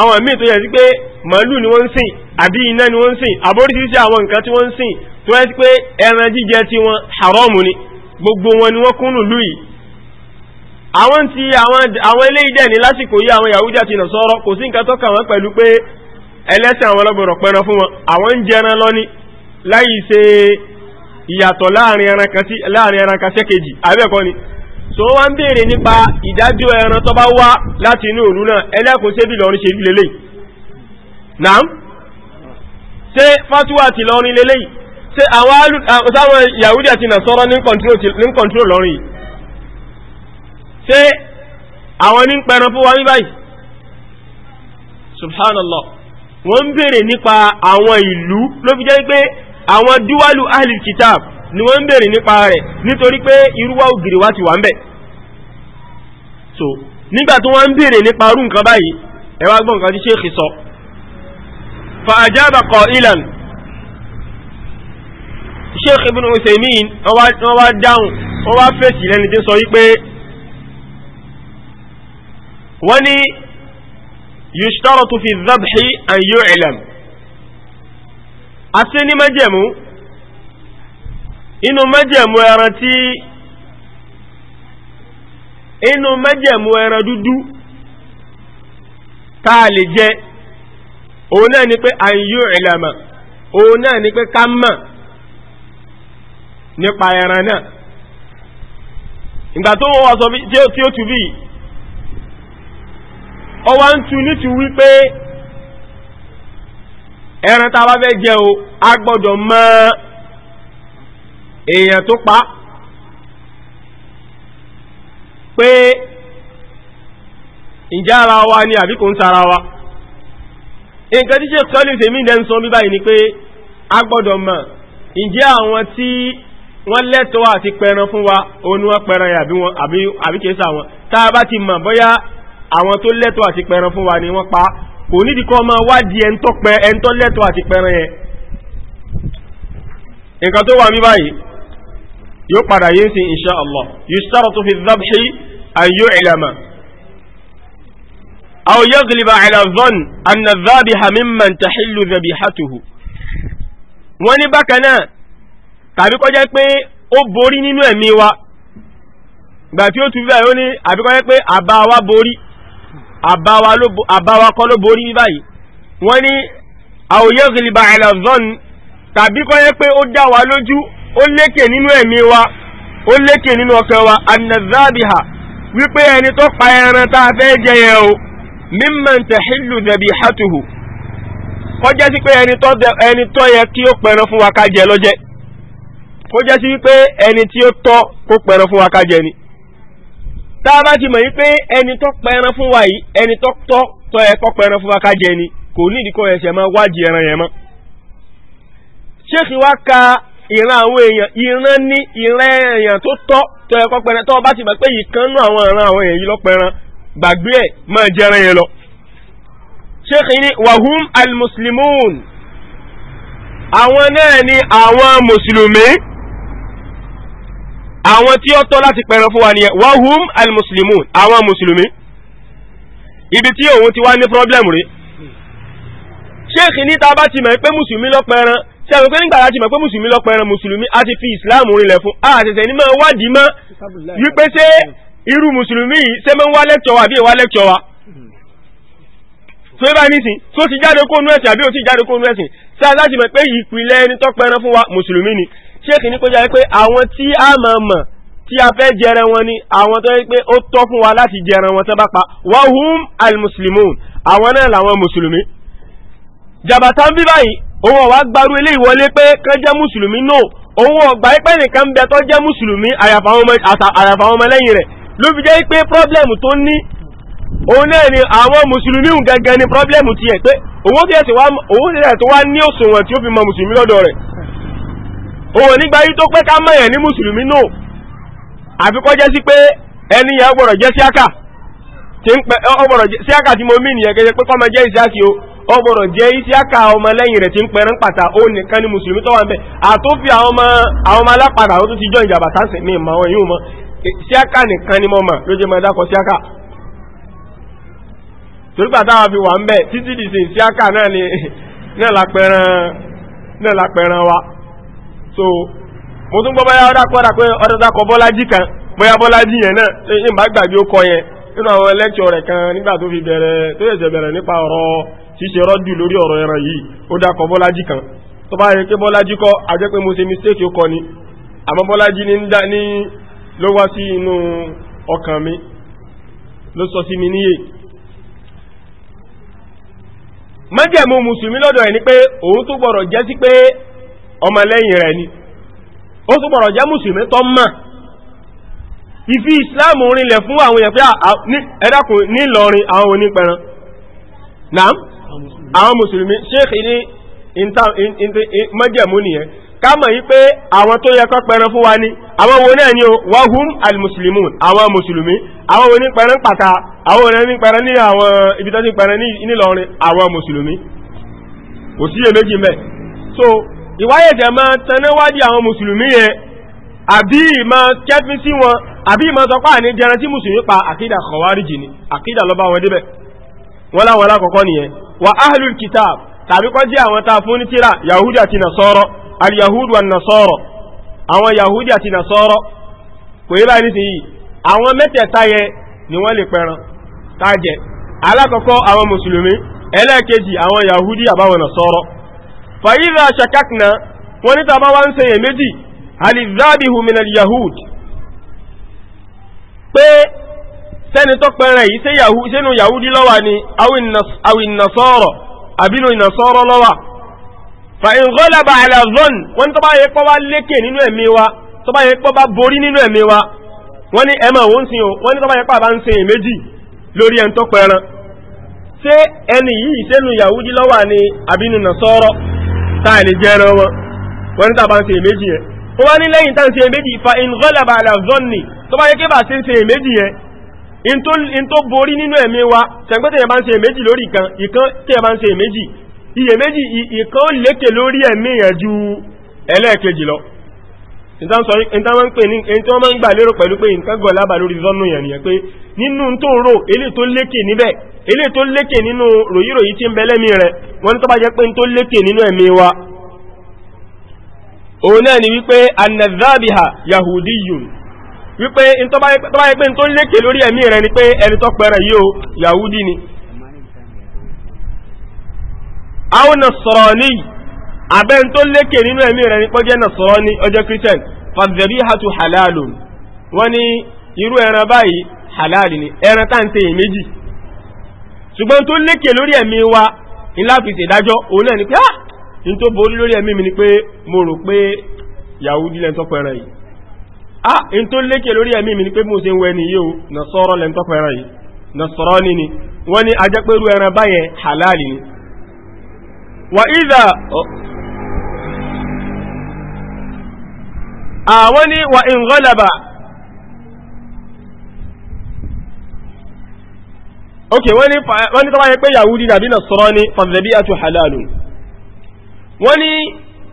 àwọn míì tó yẹ sí pé màálù ni wọ́n ń sìn àbí iná ni wọ́n ń sìn àbóríṣiríṣi àwọn nǹkan tí wọ́n ń sìn tó yẹ sí pé ẹran jíjẹ tí wọn haram ni gbogbo wọn ni wọ́n kúnnù lùyìí àwọn tí àwọn eléyìí dẹ̀ ní lásìkò yí àwọn Yahudi àti Nasara kò sí nǹkan tó kàn wọ́n pẹ̀lú pé ẹlẹ́sìn àwọn ọlọ́gbọ̀rọ̀ pẹran fún wọn àwọn ń jẹran lọ́ní láì ṣe ìyàtọ̀ láàrin so wọn ń béèrè nípa ẹran tó bá wá láti inú òru náà ẹlẹ́kùn sebi lọrin ṣe lélẹ̀ naam ṣe fatuwa ti lọrin lélẹ̀ ṣe àwọn ní lọrin ṣé àwọn ní pẹran fún wa ní báyìí subhanallah wọ́n ń bèèrè nípa àwọn ìlú ló fi jẹ́ pé àwọn dúwálù ahlil kitab ni wọ́n ń bèèrè nípa rẹ̀ nítorí pé irúwá ògiri wá ti wà ń bẹ̀ so nígbà tó wọ́n ń bèèrè nípa irú nǹkan báyìí ẹ wá gbọ́ nǹkan tí sheikh sọ fa ajaba qailan sheikh ibn Uthaymin wọ́n wá dáhùn wọ́n wá fèsì lẹ́ni tí ń sọ wípé wọ́n ní yushtaratu fi dhabhi an yu'lam àti ní májẹ̀mú inú májẹ̀mú ẹran tí inú májẹ̀mú ẹran dúdú táà lè jẹ òun náà ni pé an yu'lam òun náà ni pé ká mọ̀ nípa ẹran ìgbà tó wọ́n wá sọ tí ó tù bíi ọwá ń tu nítú wípé ẹran tá a bá fẹ́ jẹ o a gbọ́dọ̀ mọ èèyàn tó pa pé ǹjẹ́ ara wa ni àbí kò ń tara wa nǹkan tí ṣe sọ́lì tèmi dẹ̀ ń sọ bí báyìí ni pé a gbọ́dọ̀ mọ̀ ǹjẹ́ àwọn tí wọ́n lẹ́tọ̀ọ́ àti pẹran fún wa òun ni wọ́n pẹran yà àbí kìí sà wọn tá a bá ti mọ̀ bóyá àwọn tó lẹ́tọ̀ àti pẹran fún wa ni wọ́n pa kò nídìí kọ́ máa wádìí ẹ̀ńtọ́ pẹ ẹ̀ńtọ́ lẹ́tọ̀ àti pẹran yẹn nǹkan tó wà mí báyìí yóò padà yé sí insha Allah yustaratu fi dhabhi an yu'lama aw yaghliba ala dhann anna dhabiha mimman tahillu dhabihatuhu wọ́n ní bákan náà tàbí kọjá pé ó borí nínú ẹ̀mí wa gbà ó tún fẹ́ ó ní àbíkọ́jẹ́ pé àbá wa borí àbáwa kọ́ ló borí bí báyìí wọ́n ní àwòyé ìrìnbà àìlàzọ́n tàbí kọ́ yẹ pé ó dá wa lójú ó lékè nínú ẹ̀mí wa ó lékè nínú ọkàn wa anazabiha wípé ẹni tó pa ẹran tá a fẹ́ jẹ yẹn o mímọ̀ tẹ̀hílù dẹ̀bí hàtùhù kọjá sí pé ẹni tó yẹ kí ó pẹ̀rọ fún wa ká jẹ lọ́jẹ́ kọjá sí wípé ẹni tí ó tọ́ kó pẹ̀rọ fún wa ká jẹ ni tá a bá ti mọ̀ yí pé ẹni tó pẹran fún wa yìí ẹni tó tọ́ tọ́ ẹ kọ́ pẹran fún wa ká jẹ ni kò ní ìdíkọ́ ẹsẹ̀ máa wádìí ẹran yẹn mọ́. ṣéèkì wá ka ìran àwọn èèyàn ìran ní ìran èèyàn tó tọ́ tọ́ ẹ kọ́ pẹran tọ́ ọ bá ti mọ̀ pé yìí kan nú àwọn ìran àwọn èèyàn yìí lọ pẹran gbàgbé ẹ̀ máa jẹ ẹran yẹn lọ. ṣéèkì ní wàhùn almuslimun àwọn náà ni àwọn mùsùlùmí àwọn tí ó tọ́ láti pẹ̀rọ fún wa ni wahum al-muslimun àwọn mùsùlùmí ibi tí òun ti wá ní problem rí ṣéèkì níta bá ti mọ̀ pé mùsùlùmí lọ́pẹ̀ẹ̀rán tí àwọn pẹ́lú ìgbàlá ti mọ̀ pé mùsùlùmí lọ́pẹ̀ẹ̀rán mùsùlùmí a ti fi islam rinlẹ̀ fún àṣẹṣẹ ní máa wádìí mọ́ wípé ṣé irú mùsùlùmí yìí ṣé máa ń wá lẹ́kṣọ̀ wa àbí ìwá lẹ́kṣọ̀ wa tó bá nísìn tó ti jáde kónú ẹ̀sìn àbí ó ti jáde kónú ẹ̀sìn ṣé aláṣìmọ̀ pé ìpìlẹ̀ ẹni tọ́pẹ̀ẹ̀rán fún wa mùsùlùmí ni ṣéèkì ní kó jẹ́ pé àwọn tí a mọ̀ mọ̀ tí a fẹ́ jẹran wọn ni àwọn tó yẹ pé ó tọ́ fún wa láti jẹran wọn tó bá pa wahum almuslimun àwọn náà làwọn mùsùlùmí jàbàtà ń bí báyìí òun ọ̀wá gbarú ilé ìwọlé pé kán jẹ́ mùsùlùmí náà òun ọ̀gbà ipẹ́ nìkan bẹ tó jẹ́ mùsùlùmí àyàfà ọmọ lẹ́yìn rẹ̀ ló fi jẹ́ pé pọ́blẹ́mù tó ní òun náà ni àwọn mùsùlùmí gangan ni pọ́blẹ́mù tiẹ̀ pé òun tẹ̀ wá ní òṣùwọ̀n tí ó fi mọ mùsùlùmí lọ́dọ̀ rẹ̀ òun nígbà yí tó pẹ́ ká mọ̀yàn ní mùsùlùmí nù àfikọ́ jẹ́ sí pé ẹni yẹn gbọ́dọ̀ jẹ́ síákà tí ń pẹ́ ọgbọ̀dọ̀ síákà tí mo mí nìyẹn kẹjẹ pé kọ́mọ jẹ́ ìsíákì o ọgbọ̀dọ̀ jẹ́ ìsíákà ọmọ lẹ́yìn rẹ̀ tí ń pẹ̀rẹ́ ń pàtà ó nìkan ní mùsùlùmí tó wà ń bẹ̀ àtòfi àwọn ọmọ alápàdà ó tún ti jọ ìjàmbá tá mi mọ ni mo mọ ló jẹ́ wa so mo tún gbọ́ báyá ọ̀dà kọ́ra pé ọ̀dà tó kọ bọ́lájí kan bóyá bọ́lájí yẹn náà ṣe má gbàgbé ó kọ yẹn nínú àwọn lẹ́kṣọ̀ rẹ̀ kan nígbà tó fi bẹ̀rẹ̀ tó yẹ̀ṣẹ̀ bẹ̀rẹ̀ nípa ọ̀rọ̀ ṣíṣe rọ́jù lórí ọ̀rọ̀ a pé mo ọmọ lẹ́yìn rẹ̀ ni ó tún bọ̀rọ̀ jẹ́ mùsùlùmí tọ́ mọ̀ ìfi ìsìláàmù rinlẹ̀ fún àwọn èèyàn pé ẹ̀dàkùn nílọrin àwọn onípẹran naam àwọn mùsùlùmí ṣéèkì ní mọ́jẹ̀mú nìyẹn ká mọ̀ yí pé àwọn tó yẹ kọ́ pẹran fún wa ní àwọn wo náà ni wahum al-muslimun àwọn mùsùlùmí àwọn onípẹran pàtà àwọn onípẹran ní àwọn ibi tó ti pẹran nílọrin àwọn mùsùlùmí kò síyèméjì mẹ́ so ìwáyẹ̀jẹ̀ máa tanáwádìí àwọn mùsùlùmí yẹn àbí ìmọ̀ kẹfí sí wọn àbí ìmọ̀ sọ pé àní jẹran tí mùsùlùmí pa àkídà kọ̀wárìjì ni àkídà lọ́ba wọn débẹ̀ wọ́n láwọn alákọ̀ọ́kọ́ nìyẹn wà áhàlùl kìtàb tàbí kọ́ jẹ́ àwọn tá a fún ní tíra yahudi àti nasọ́rọ̀ aliyahudu àti nasọ́rọ̀ àwọn yahudi àti nasọ́rọ̀ kò yí báyìí nísìnyí àwọn mẹ́tẹ̀ẹ̀ta yẹn ni wọ́n lè pẹran tájẹ alákọ̀ọ́kọ́ àwọn mùsùlùmí ẹlẹ́ẹ̀kejì àwọn yahudi àbáwọn nasọ́rọ̀ fàyíza ṣakakna wọ́n ní tàbá wá ń sẹyẹ méjì alizabihu minal yahud pé sẹ́ni tó pẹ̀rẹ̀ yìí sẹ́nu yahudi lọ́wà ni awin nasọ́rọ̀ àbínú nasọ́rọ̀ lọ́wà fàyín gọ́lába alazon wọ́n ní tọ́bá yẹ pọ́ bá lékè nínú ẹ̀mí wa tọ́bá yẹ pọ́ bá borí nínú ẹ̀mí wa wọ́n ní ẹmọ̀ wọ́n sí o wọ́n ní tọ́bá yẹ pọ́ bá ń sẹyẹ méjì lórí ẹni tó pẹ̀rẹ̀ ṣé ẹni yìí sẹ́nu yahudi lọ́wà ni àbínú nasọ́rọ̀ táà lè jẹ́ ẹran wọn wọ́n ní tàbá ń ṣe èméjì yẹn ó wá ní lẹ́yìn tá ń èméjì fa in ghalaba ala zanni tó bá yẹ kí bá ṣe ń ṣe èméjì yẹn in tó borí nínú ẹ̀mí wa tẹ̀gbẹ́tẹ̀ yẹn bá ń ṣe èméjì lórí ìkan ìkan tẹ̀ bá ń ṣe èméjì iyèméjì ju ẹlẹ́ẹ̀kejì lọ ìtàwọn máa ń gbà lérò pẹ̀lú pé nǹkan gọ̀ lábà lórí zọ́nù yẹn nìyẹn pé nínú tó rò elé tó lékè níbẹ̀ elé tó lékè nínú ròyíròyí tí ń bẹ lẹ́mí rẹ̀ wọ́n tó bá jẹ́ pé tó lékè nínú ẹ̀mí òun náà ni wípé anazabiha yahudiyun wípé tó bá jẹ́ pé tó lékè lórí ẹ̀mí rẹ̀ ni pé ẹni tó pẹ̀rẹ̀ yìí yahudi ni àwọn nasrani abẹ́ ń tó lékè nínú ẹ̀mí rẹ̀ ní pọ́jẹ́ nàṣọ́rọ́ ní ọjọ́ christian fàbẹ̀rí hatu halalu wọ́n ní irú ẹran báyìí halal ni ẹran tá ń tẹ èyí méjì ṣùgbọ́n tó lékè lórí ẹ̀mí wa ìláfisè dájọ́ òun náà ni pé ah ní tó borí lórí ẹ̀mí mi ni pé mo rò pé yahudi lẹ́ntọ́pọ̀ ẹran yìí ah ní tó lékè lórí ẹ̀mí mi ni pé mo ṣe ń wẹ ni yíò nàṣọ́rọ́ lẹ́ntọ́pọ̀ ẹran yìí nàṣọ́rọ́ ni ni wọ́n ní ajẹ́pẹ́rú ẹran báyẹn halal ni wa ìdá àwọn ah, ní wà in ghalaba ok wọ́n ní tọ́wọ́ yẹ pé yahudi dàbí nasrani fadhabihatu halalun wọ́n ní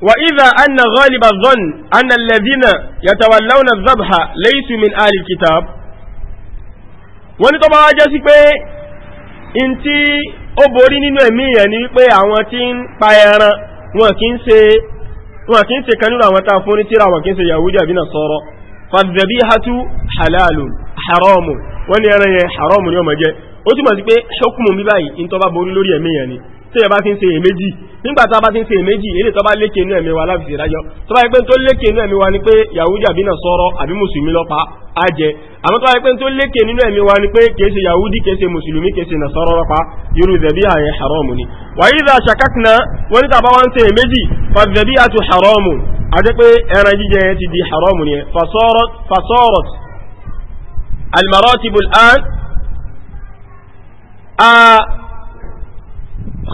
wa idha anna ghaliba dhann anna alladhina yatawallawna adh-dhabha laysu min ahli kitab wọ́n ní tọ́wọ́ jẹ́ sí pé in tí ó borí nínú ẹ̀mí yẹn ni wípé àwọn tí ń pa ẹran wọn kì í ṣe wọn kì í ṣe kan nínú àwọn tá a fún ní tíra wọn kì í ṣe yahudi àbí nasọrọ fadhabihatu halalun haramu wọn ni ẹran yẹn haramu ni ọmọ jẹ ó túmọ̀ sí pé ṣókùnmù bíbáyìí ń tọ́ borí lórí ẹ̀mí yẹn ni tí ẹ bá ti ń ṣe èméjì nígbà tá a bá ti ń ṣe èméjì eré tó bá lékè inú ẹ̀mí wa láfìsì ìdájọ́ tó bá yẹ pé tó lékè inú ẹ̀mí wa ni pé yahudi àbí nasọ́rọ́ àbí mùsùlùmí lọ́pa á jẹ àmọ́ tó bá yẹ pé tó lékè nínú ẹ̀mí wa ni pé kìí ṣe yahudi kìí mùsùlùmí kìí nasọ́rọ́ lọ́pa irú zẹ̀bí àyẹn haramu ni wàyí ìdá ṣàkàtìnà wọn ní tàbá wa ń ṣe fàzẹ̀bí àtù haramu àti pé ẹran jíjẹ ti di haramu ni fasọ́rọ̀t almarotibul an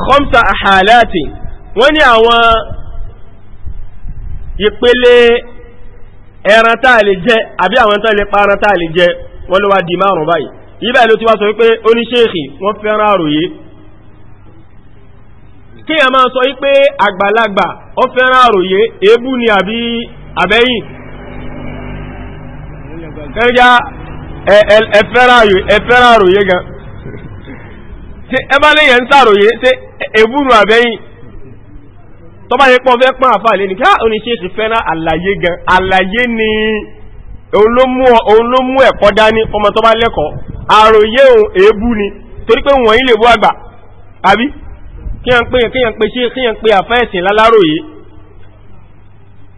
khamsa àhàláàtì wọ́n ní àwọn ìpele ẹran táà lè jẹ àbí àwọn tán lè paran táà lè jẹ wọ́n ló wá di márùn báyìí ibẹ̀ ló ti wá sọ wípé oníṣẹ́ẹ̀kì wọ́n fẹ́ràn àròyé kí a máa sọ wípé àgbàlagbà ó fẹ́ràn àròyé èébú ni àbí àbẹ́yìn kẹrìjá ẹ̀fẹ́ràn àròyé gan ṣe ẹ bá léyìn ń sàròyé ṣe èbúrú àbẹ́yìn tó bá yẹ pọ́n fẹ́ pọ́n àfà lé ní kí àwọn ah, oníṣẹ́ṣe fẹ́ràn àlàyé gan àlàyé ni òun ló mú ẹ̀kọ́ dání ọmọ tó bá lẹ́kọ̀ọ́ àròyé òun èébú ni torí pé wọ́n yí lè bú àgbà àbí kíyàn pé kíyàn pé ṣe kíyàn pé àfẹ́ẹ̀sìn láláròyé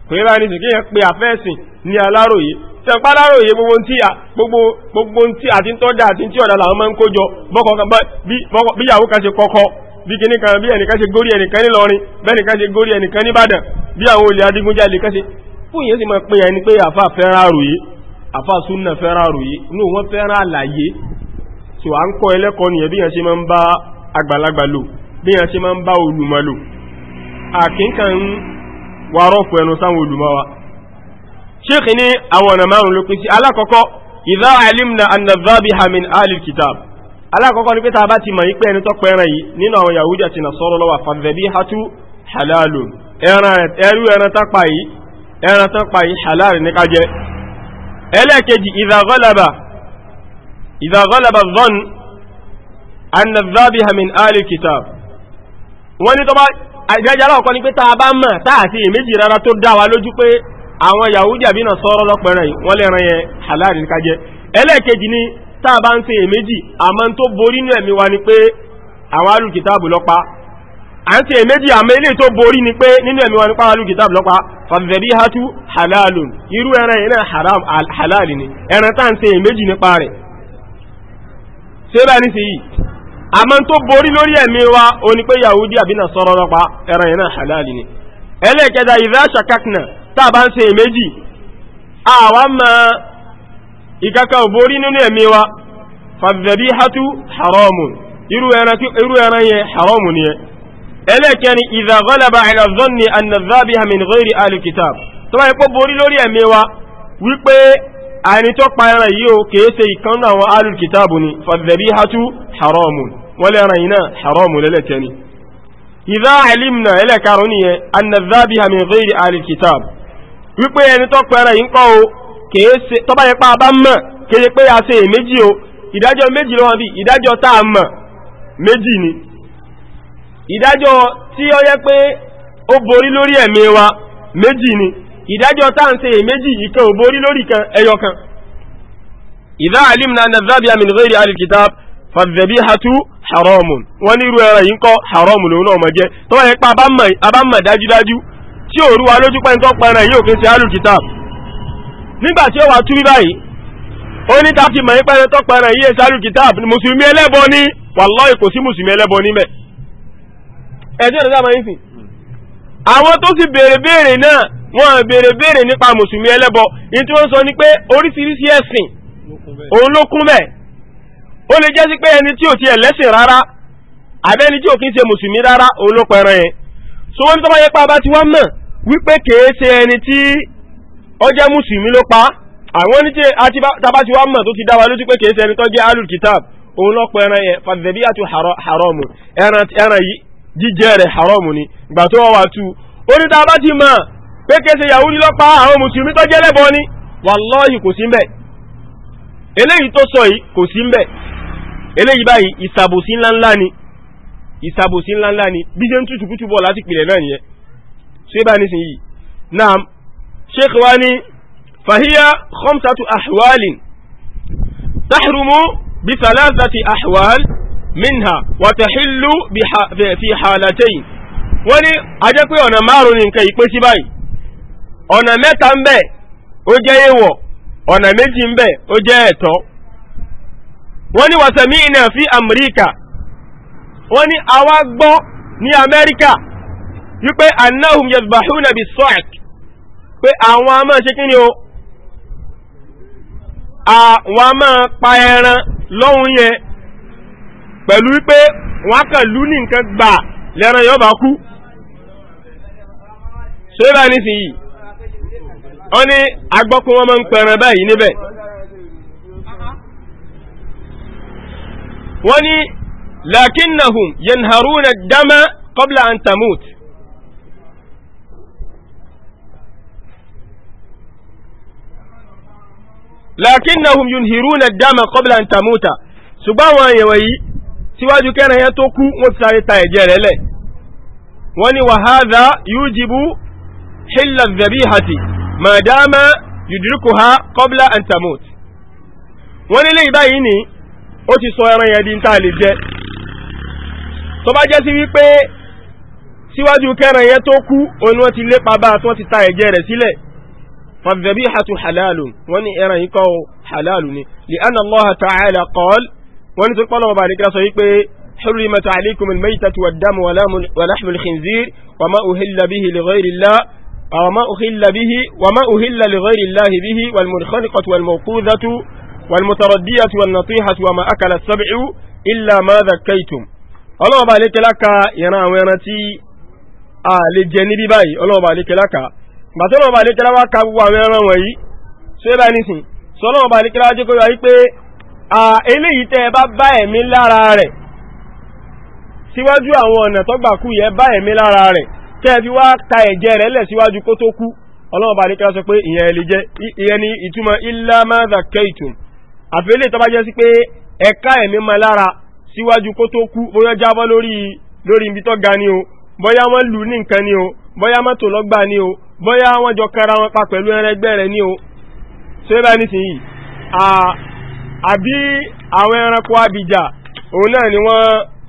kò yẹ bá ní sí kíyàn pé àfẹ́ẹ̀sìn ní aláròyé tẹ̀párárò yẹ gbogbo nti a gbogbo tí a ti ń tọ́jà àti tí ọ̀dà làwọn máa ń kójọ bíyàwó kan ṣe kọ́kọ́ bí kìíní kan bí ẹnìkan ṣe górí ẹnìkan ní lọrin bẹ́ẹ̀nìkan ṣe górí ẹnìkan ní Ìbàdàn bí àwọn olè adigunjalè kan ṣe fún ìyẹn sì máa pín ẹni pé àfà fẹ́ràn àròyé súnà fẹ́ràn àròyé inú wọn fẹ́ràn àlàyé à ń kọ́ nìyẹn bí yẹn ṣe máa ń ya sheikh ní àwọn ọ̀nà márùn-ún ló pín sí alákọ̀ọ́kọ́ idha alimna anna dhabiha min ahlil kitab alákọ̀ọ́kọ́ ni pé tá a bá ti mọ̀ yípe ẹni tó pa ẹran yìí nínú àwọn yahudi àti nasọ́rọ̀ lọ́wọ́ fadhabihatu halalun ẹrú ẹran tá pa yìí ẹran tá pa yìí halal ní ká jẹ ẹlẹ́ẹ̀kejì idha ghalaba idha ghalaba dhann anna dhabiha min wọ́n ní tó bá àjẹjára ọ̀kọ́ ni pé bá mọ̀ tá àti èméjì rárá tó dá lójú pé àwọn yahudi àbí náà sọ́rọ́ lọ́pẹ̀rẹ̀ wọ́n lè ran yẹn halal ni tá bá ń ṣe èméjì àmọ́ tó borí ẹ̀mí wa ni pé àwọn alùkìtàbù lọ́pa à ń èméjì àmọ́ ilé tó borí ni pé nínú ẹ̀mí wa hatu halalun irú ẹran yìí náà haram ni ẹran tá ń ṣe èméjì nípa rẹ̀ ṣé bá ní sí yìí àmọ́ tó borí lórí wa ni yahudi àbí náà sọ́rọ́ lọ́pa ẹran yìí náà ni ẹlẹ́ẹ̀kẹta ìfẹ́ tá a bá ń ṣe èméjì àwa mọ ìkaka òborí nínú ẹ̀mí wa fàbẹ̀bí hátú haramun irú ẹran yẹn haramun ni ẹ ẹlẹ́kẹ́ni ìdàgọ́lẹ̀bà àìrọ̀zọ́n ni annazabi hamin ghairi alukitab tó bá yẹ kó borí lórí ẹ̀mí wa wípé àìní tó pa ẹran yìí ó kèé ṣe ìkan náà àwọn alukitab ni fàbẹ̀bí hátú haramun wọ́n lẹ́ran yìí náà haramun lẹ́lẹ́kẹ́ni ìdá àìlímnà ẹlẹ́karùn-ún ni ẹ annazabi hamin ghairi alukitab wípé ẹni tó pẹ̀rẹ̀ yìí ń kọ́ o kèé ṣe tọ́ba yẹn pa abá mọ̀ kéde pé a ṣe èméjì o ìdájọ́ méjì lọ́wọ́ bí ìdájọ́ tá a mọ̀ méjì ni ìdájọ́ tí ó yẹ pé ó borí lórí ẹ̀mí wa méjì ni ìdájọ́ tá à ń ṣe èméjì yìí kan ò borí lórí kan ẹyọ kan ìdá alimna nadhabiya min ghairi alkitab fadhabihatu haramun wọ́n ní irú ẹran yìí ń kọ́ haramun lòun náà mọ̀ jẹ́ tọ́wọ́ yẹn pa abámọ̀ dájúdájú tí ò rúwa lójú pẹ́ tó pẹ̀rẹ̀ yóò kí ṣe alùkìtà nígbà tí ó wà tú báyìí ó ní káàkiri mọ̀ pẹ́ tó pẹ̀rẹ̀ yíyẹ ṣe alùkìtà mùsùlùmí ẹlẹ́bọ ní wàláhì kò sí mùsùlùmí ẹlẹ́bọ níbẹ̀ ẹjọ́ ìdájọ́ máa ń sìn àwọn tó sì béèrè béèrè náà wọ́n béèrè béèrè nípa mùsùlùmí ẹlẹ́bọ ní tí wọ́n sọ ni pé oríṣiríṣi ẹ̀sìn òun ló kún bẹ́ẹ̀ ó lè jẹ́ sí pé ẹni tí ò ti ẹ̀lẹ́sìn rárá àbẹ́ni tí ò kí ń ṣe mùsùlùmí rárá òun ló pẹ̀rẹ̀ yẹn so wọ́n ní tọ́ba yẹ pa abá tí wọ́n mọ̀ wípé kèé ṣe ẹni tí ó jẹ́ mùsùlùmí ló pa àwọn oníṣẹ́ àtibátí wa mọ̀ tó ti dá wa lójú pé kèé ṣe ẹni tó jẹ́ alul kitab òun lọ́pọ̀ ẹran yẹn fàdẹ̀bíyàtú haramu ẹran jíjẹ rẹ̀ haramu ni gbà tó wà tú ó ní tá ti mọ̀ pé kèé ṣe Yahudi ló pa àwọn mùsùlùmí tó jẹ́ lẹ́bọ ni wàlọ́ọ̀yì kò sí ń bẹ̀ eléyìí tó sọ yìí kò sí ń bẹ̀ eléyìí báyìí ìsàbòsí ńláńlá ni ìsàbòsí ńláńlá ni bí ṣé bá ní sìn yìí naam sheikh wa ni fahiya khamsatu ahwalin tahrumu bi thalathati ahwal minha wa tahillu fi halatayn wọ́n ní a jẹ́ pé ọ̀nà márùn-ún ní nǹkan ìpé sí báyìí ọ̀nà mẹ́ta ń bẹ ó jẹ́ èèwọ̀ ọ̀nà méjì ń bẹ ó fi amẹ́ríkà wọ́n ní àwa gbọ́ ní wípé annahum yadbahuna bi sọ́ẹ̀k pé àwọn a máa ṣe kí ni o àwọn a máa pa ẹran lọ́hun yẹn pẹ̀lú wípé wọ́n kàn lú ní nǹkan gbà lẹ́ran yóò bá kú ṣe bá ní sí yìí wọ́n ní agbọ́kún wọn máa ń pẹran báyìí níbẹ̀ wọ́n ní lakinnahum yanharuna dama qabla an lakinnahum yunhiruna dama qabla an tamuta ṣùgbọ́n àwọn èèyàn wọ̀nyí síwájú kẹ́rin yẹn tó kú wọ́n ti sáré ta ẹ̀jẹ̀ rẹ̀ lẹ̀ wọ́n ní wa hadha yujibu hilla dhabihati madama yudrikuha qabla an tamut wọ́n ní léyìí báyìí ni ó ti sọ ẹran yẹn di ń tà lè jẹ tó bá jẹ́ sí wípé síwájú kẹ́rin yẹn tó kú òun wọ́n ti lépa bá tí wọ́n ti ta ẹ̀jẹ̀ rẹ̀ sílẹ̀ فالذبيحة حلال واني ارانيكو حلال لأن الله تعالى قال واني تقول مبارك رسولك حرمت عليكم الميتة والدم ولحم الخنزير وما أهل به لغير الله وما أهل به وما أهل لغير الله به والمنخنقة والموقوذة والمتردية والنطيحة وما أكل السبع إلا ما ذكيتم الله بارك لك ينا وينتي آه للجنب باي الله بارك لك gbàtọ́lọ̀ bá lékẹ́lá wá ka gbogbo àwọn ẹran wọ̀nyí ṣé bá nísìn sọlọ́wọ́ bá lékẹ́lá jẹ́ kó yọ wípé eléyìí tẹ́ ẹ bá bá ẹ̀mí lára rẹ̀ síwájú àwọn ọ̀nà tó gbà kú yẹ bá ẹ̀mí lára rẹ̀ tẹ́ ẹ wá ta ẹ̀jẹ̀ rẹ̀ lẹ̀ síwájú kó tó kú ọlọ́wọ́ bá ni ìtumọ̀ ilamada keitum àfẹ́lẹ́ tó bá jẹ́ sí pé ẹ̀ka ẹ̀mí ma lára síwájú kó tó kú bóyá jábọ́ lórí lórí ibi tó ga wọ́n lù ní nǹkan ni o bóyá mọ́tò lọ́gbà ni o bóyá wọ́n jọ kẹra wọn pa pẹ̀lú ẹrẹgbẹ́ rẹ̀ ní o ṣe bá ní sí yìí àbí àwọn ẹranko abìjà òun náà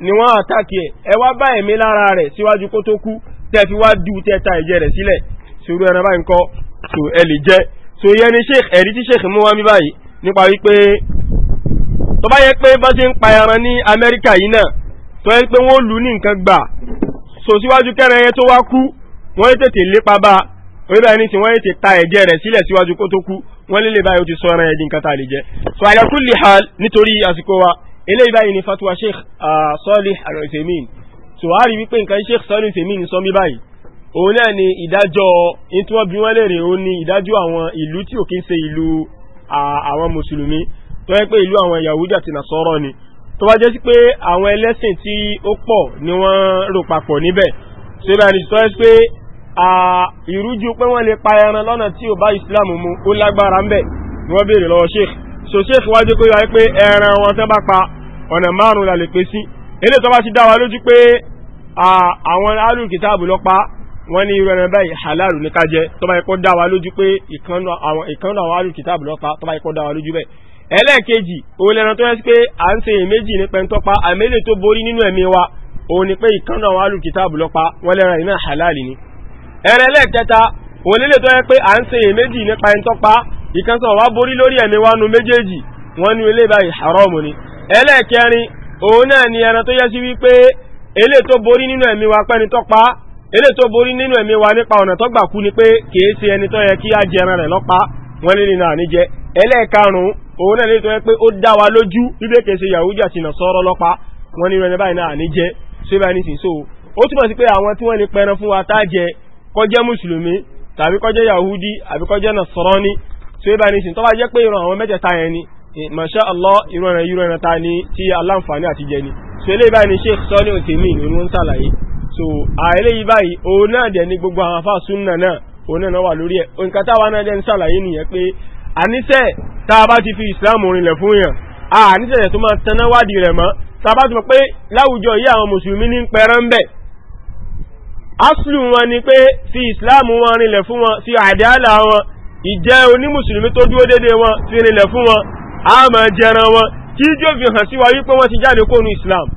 ni wọ́n àtàkì ẹ̀ ẹ wá bá ẹ̀mí lára rẹ̀ síwájú kó tó kú tẹ́ fi wá dú tẹ́ta ẹ̀jẹ̀ rẹ̀ sílẹ̀ ṣòro ẹran báyìí kọ́ so ẹ lè jẹ́ so yẹn ni sheikh ẹ̀rí tí sheikh mú wá mi báyìí nípa wípé tó bá yẹ pé bá ṣe ń pa ẹran ní amẹ́ríkà yìí náà tó yẹ pé wọ́n lù ní nǹkan gbà so síwájú kẹrin yẹn tó wá kú wọ́n tètè lépa bá a oníbà ní tí wọ́n yìí ti ta ẹ̀jẹ̀ rẹ̀ sílẹ̀ síwájú kó tó kú wọ́n lè lè báyìí ó ti sọ ẹran ẹ̀dín kátà lè jẹ́ so ala kulli hal nítorí àsìkò wa eléyìí báyìí ni fatwa sheikh Salih Al-Uthaymin so a rí wípé nǹkan sheikh Salih Al-Uthaymin sọ mí báyìí òun náà ni ìdájọ́ in tí wọ́n bí wọ́n léèrè ó ní ìdájọ́ àwọn ìlú tí ò ń ṣe ìlú àwọn mùsùlùmí tó yẹ pé ìlú àwọn Yahudi àti Nasara ni tó bá jẹ́ sí pé àwọn ẹlẹ́sìn tí ó pọ̀ ni wọ́n rò papọ̀ níbẹ̀ tó yẹ pé ìrújú pé wọ́n lè pa ẹran lọ́nà tí ò bá islam mu ó lágbára ń bẹ̀ ni wọ́n béèrè lọ́wọ́ sheikh so sheikh wájú pé wáyé pé ẹran wọn tán bá pa ọ̀nà márùn la lè pè sí ilé tó bá ti dá wa lójú pé àwọn alùkìtàbù lọ pa wọ́n ní irú ẹran báyìí halalu ní kájẹ tó bá ikọ́ dá wa lójú pé ìkànnà àwọn alùkìtàbù lọ pa tó bá ikọ́ dá wa lójú bẹ́ẹ̀ ẹlẹ́ẹ̀kejì òun lẹ́ran halali ni ẹ̀rẹ̀ lẹ́ẹ̀kẹta òlélè tó yẹ pé à ń ṣe èméjì nípa ẹni tọ́pa ìkánsọ̀ wá borí lórí ẹ̀mí wánu méjèèjì wọ́n ní ilé báyìí haramu ni ẹlẹ́ẹ̀kẹrin òun náà ni ẹran tó yẹ sí wípé elé tó borí nínú ẹ̀mí wa pẹ́ni tọ́pa elé tó borí nínú ẹ̀mí wa nípa ọ̀nà tó gbà kú ni pé kìí ṣe ẹni tó yẹ kí á jẹ rẹ̀ lọ́pa wọ́n lè nínú àníjẹ ẹlẹ́ẹ̀karùn-ún òun náà lè tó yẹ pé ó dá wa lójú wípé kìí ṣe yahoo àti nàṣọ́rọ́ lọ́pa wọ́n nínú ẹni báyìí náà àníjẹ ṣé báyìí nísìnyí so ó túmọ̀ sí pé àwọn tí wọ́n ní pẹran fún wa tá jẹ kó jẹ́ mùsùlùmí tàbí kó yahudi àbí kó jẹ́ nasarani tó yẹ bá ní sin tó bá jẹ́ pé ìran àwọn mẹ́tẹ̀ẹ̀ta yẹn ni masha allah ìran ẹ̀rọ ìran ẹ̀ta ni tí aláǹfààní àti jẹ ni tó yẹ bá ní sheikh sọ́ni òtèmí ni wọ́n ń sàlàyé so àìlè yìí báyìí òun náà dẹ̀ ní gbogbo àwọn afá súnà náà òun náà wà lórí ẹ̀ nǹkan táwa náà dẹ̀ ń sàlàyé nìyẹn pé àníṣe tá a bá ti fi islam rinlẹ̀ fún yàn àníṣe tó máa tanáwádìí rẹ̀ mọ́ tá a bá ti mọ̀ pé láwùjọ yìí àwọn mùsùlùmí ní ń bẹ́ẹ̀ aslu wọn ni pé fi islam wọn rinlẹ̀ fún wọn fi àdáàlà wọn ìjẹ́ onímùsùlùmí tó dúó dédé wọn fi rinlẹ̀ fún wọn a mọ̀ jẹran wọn kí jó fi hàn sí wa wípé wọ́n ti jáde kónú islam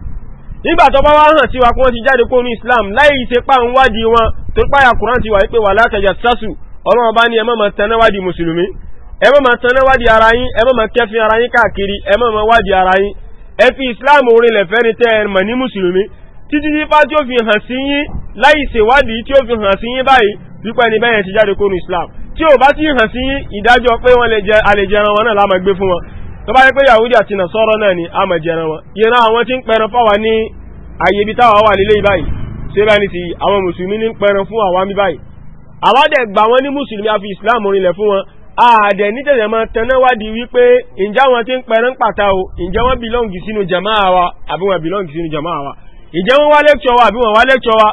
nígbà tó bá wá hàn sí wa pé wọ́n ti jáde kónú islam láì ṣe pa ń wádìí wọn tó páyà kùrán ti wà wípé wà látẹjà sásù ọlọ́run bá ní ẹ títí tí bá tí ó fi hàn sí yín láì ṣèwádìí tí ó fi hàn sí yín báyìí wípé ẹni bẹ́yẹn ti jáde kónú Islam tí ò bá tí hàn sí yín ìdájọ́ pé wọ́n lè jẹ wọn náà la máa gbé fún wọn tó bá yẹ pé Yahudi àti Nasara náà ni a máa jẹran wọn yẹn náà àwọn tí ń pẹran fáwa ní àyè ibi táwa wà nílé báyìí ṣé báyìí ti àwọn mùsùlùmí ní pẹran fún àwa mi báyìí àwa dẹ̀ gbà wọn ní mùsùlùmí àfi Islam rinlẹ̀ fún wọn ààdẹ̀ nítẹ̀lẹ̀ máa tẹnáwádìí wípé ǹjẹ́ àwọn tí ń pẹran pàtà ǹjẹ́ wọ́n bìlọ́ǹgì sínú jàmáà wa àbí wọn bìlọ́ǹgì sínú jàmáà wa ìjẹ́ wọ́n wá lẹ́kṣọ́ wa àbí wọ́n wá lẹ́kṣọ́ wa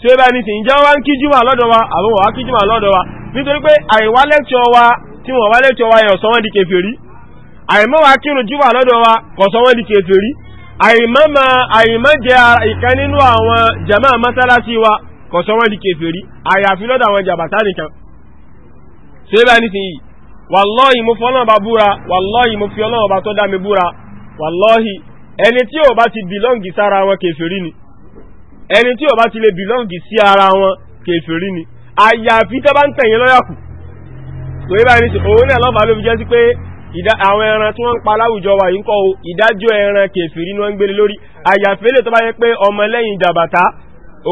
tí ó bá ní sí ìjẹ́ wọ́n kí jímọ̀ lọ́dọ̀ wa àbí wọ́n wá kí jímọ̀ lọ́dọ̀ wa nítorí pé àìwá lẹ́kṣọ́ wa tí wọ́n wá lẹ́kṣọ́ wa yẹn sọ́wọ́n di kèfèrí àìmọ́ wa kírun jímọ̀ lọ́dọ̀ wa kò sọ́wọ́n di kèfèrí àìmọ́ jẹ ìkan nínú àwọn jàmá mọ́sálásí wa kò sọ́wọ́n di kèfèrí àyàfi lọ́dọ̀ àwọn jàbàtà nìkan tí ó bá ní sí wàlọ́ọ̀hì mo fi bá búra wàlọ́ọ̀hì mo fi ọlọ́run tó dá mi búra wàlọ́ọ̀hì ẹni tí ò bá ti bìlọ́ǹgì sára wọn kèfèrí ni ẹni tí ò bá ti lè bìlọ́ǹgì sí ara wọn kèfèrí ni àyàfi tó bá ń tẹ̀yìn lọ́yàkù tó yẹ báyìí ní òun náà lọ́fà ló fi jẹ́ sí pé àwọn ẹran tí wọ́n ń pa láwùjọ wa yìí ń kọ́ o ìdájọ́ ẹran kèfèrí ni wọ́n ń gbélé lórí àyàfi lè tó bá yẹ pé ọmọ lẹ́yìn jàbàtà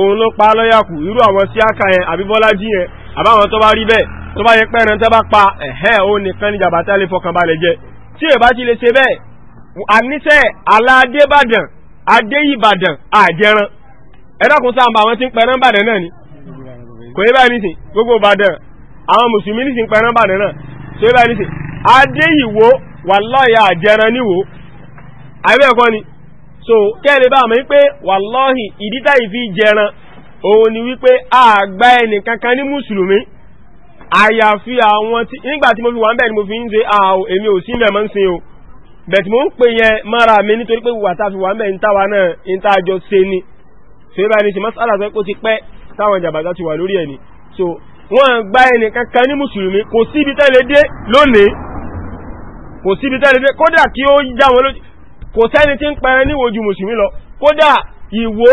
òun ló pa lọ́yàkù irú àwọn síáka yẹn àbí bọ́lájí yẹn àbáwọn tó bá rí bẹ́ẹ̀ tó bá yẹ pé ẹran tó bá pa ẹ̀hẹ́ òun nìkan ni jàbàtà lè fọkànbalẹ̀ jẹ tí ò ti lè ṣe bẹ́ẹ̀ àníṣẹ́ aládébàdàn adéyìbàdàn àjẹran ẹ̀dọ́kùn sáàmbà àwọn tí ń pẹ̀rán bàdàn náà ni kò yẹ báyìí nísìn gbogbo bàdàn àwọn mùsùlùmí nísìn pẹ̀rán bàdàn náà tó yẹ báyìí nísìn adéyìwó wàláhì àjẹran níwó àbẹ́ẹ̀kọ́ ni so kẹ́lẹ̀ bá mọ̀ pé wàláhì ìdítà ìfi jẹran òun ni wípé àgbá ẹnì kankan ní mùsùlùmí àyàfi àwọn tí nígbà tí mo fi wà ń bẹ̀ ni mo fi ń ṣe àwọ̀ èmi ò sí mẹ́mọ́ ń sin o bẹ̀tí mo ń pè yẹn mara mi nítorí pé wà táfi wà mẹ́ ìntàwà náà ìntàjọ se ni so ibà ní ti masala tó kó ti pẹ́ táwọn jàbàtà ti wà lórí ẹni so wọ́n gbá ẹni kankan ní mùsùlùmí kò sí ibi tẹ́lẹ̀ dé lónìí kò sí ibi tẹ́lẹ̀ dé kódà kí ó já wọn lójú kò sẹ́ni tí ń pẹ̀rẹ níwò ju mùsùlùmí lọ kódà ìwó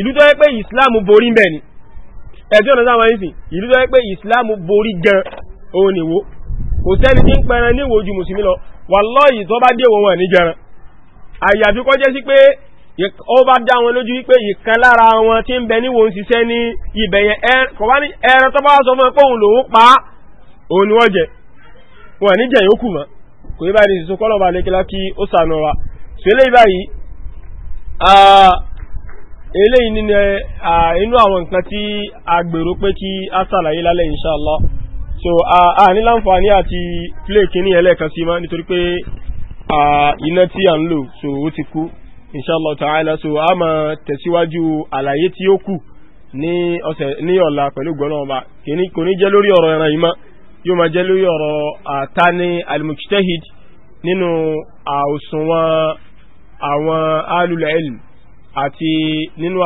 ìlú tó yẹ pé ìsìláàmù borí ń ni ẹjọ́ ọ̀nà sáwọn ìsìn ìlú tó yẹ pé ìsìláàmù borí gan òun nìwó kò sẹ́ni tí ń pẹ̀rẹ níwò ju mùsùlùmí lọ wàlọ́yì tó bá dé wọn wọn ní jẹran àyàfi kọ́ jẹ́ sí pé ó bá dá wọn lójú wípé ìkan lára wọn tí ń bẹ níwò ń ṣiṣẹ́ ní ibẹ̀ yẹn ẹran tó bá sọ fún ẹ pé òun lòun pa òun ni wọ́n jẹ wọn ní jẹ yókù mọ́ kò yí báyìí sísun kọ́lọ̀ bá lékelá kí ó sànà wa ṣẹlẹ̀ báyìí eléyìí nínú àwọn nǹkan tí a gbèrò pé kí á sàlàyé lálẹ́ insha so a ní láǹfààní àti ẹlẹ́ẹ̀kan sí máa nítorí pé iná tí so ó ti kú inshallah ta'ala so a máa tẹ̀síwájú àlàyé tí ó kù ní ọ̀sẹ̀ ní ọ̀la pẹ̀lú gbọ́nà ọba kò ní jẹ́ lórí ọ̀rọ̀ ẹran yóò máa jẹ́ lórí ọ̀rọ̀ al-mujtahid nínú àòsùnwọ̀n àwọn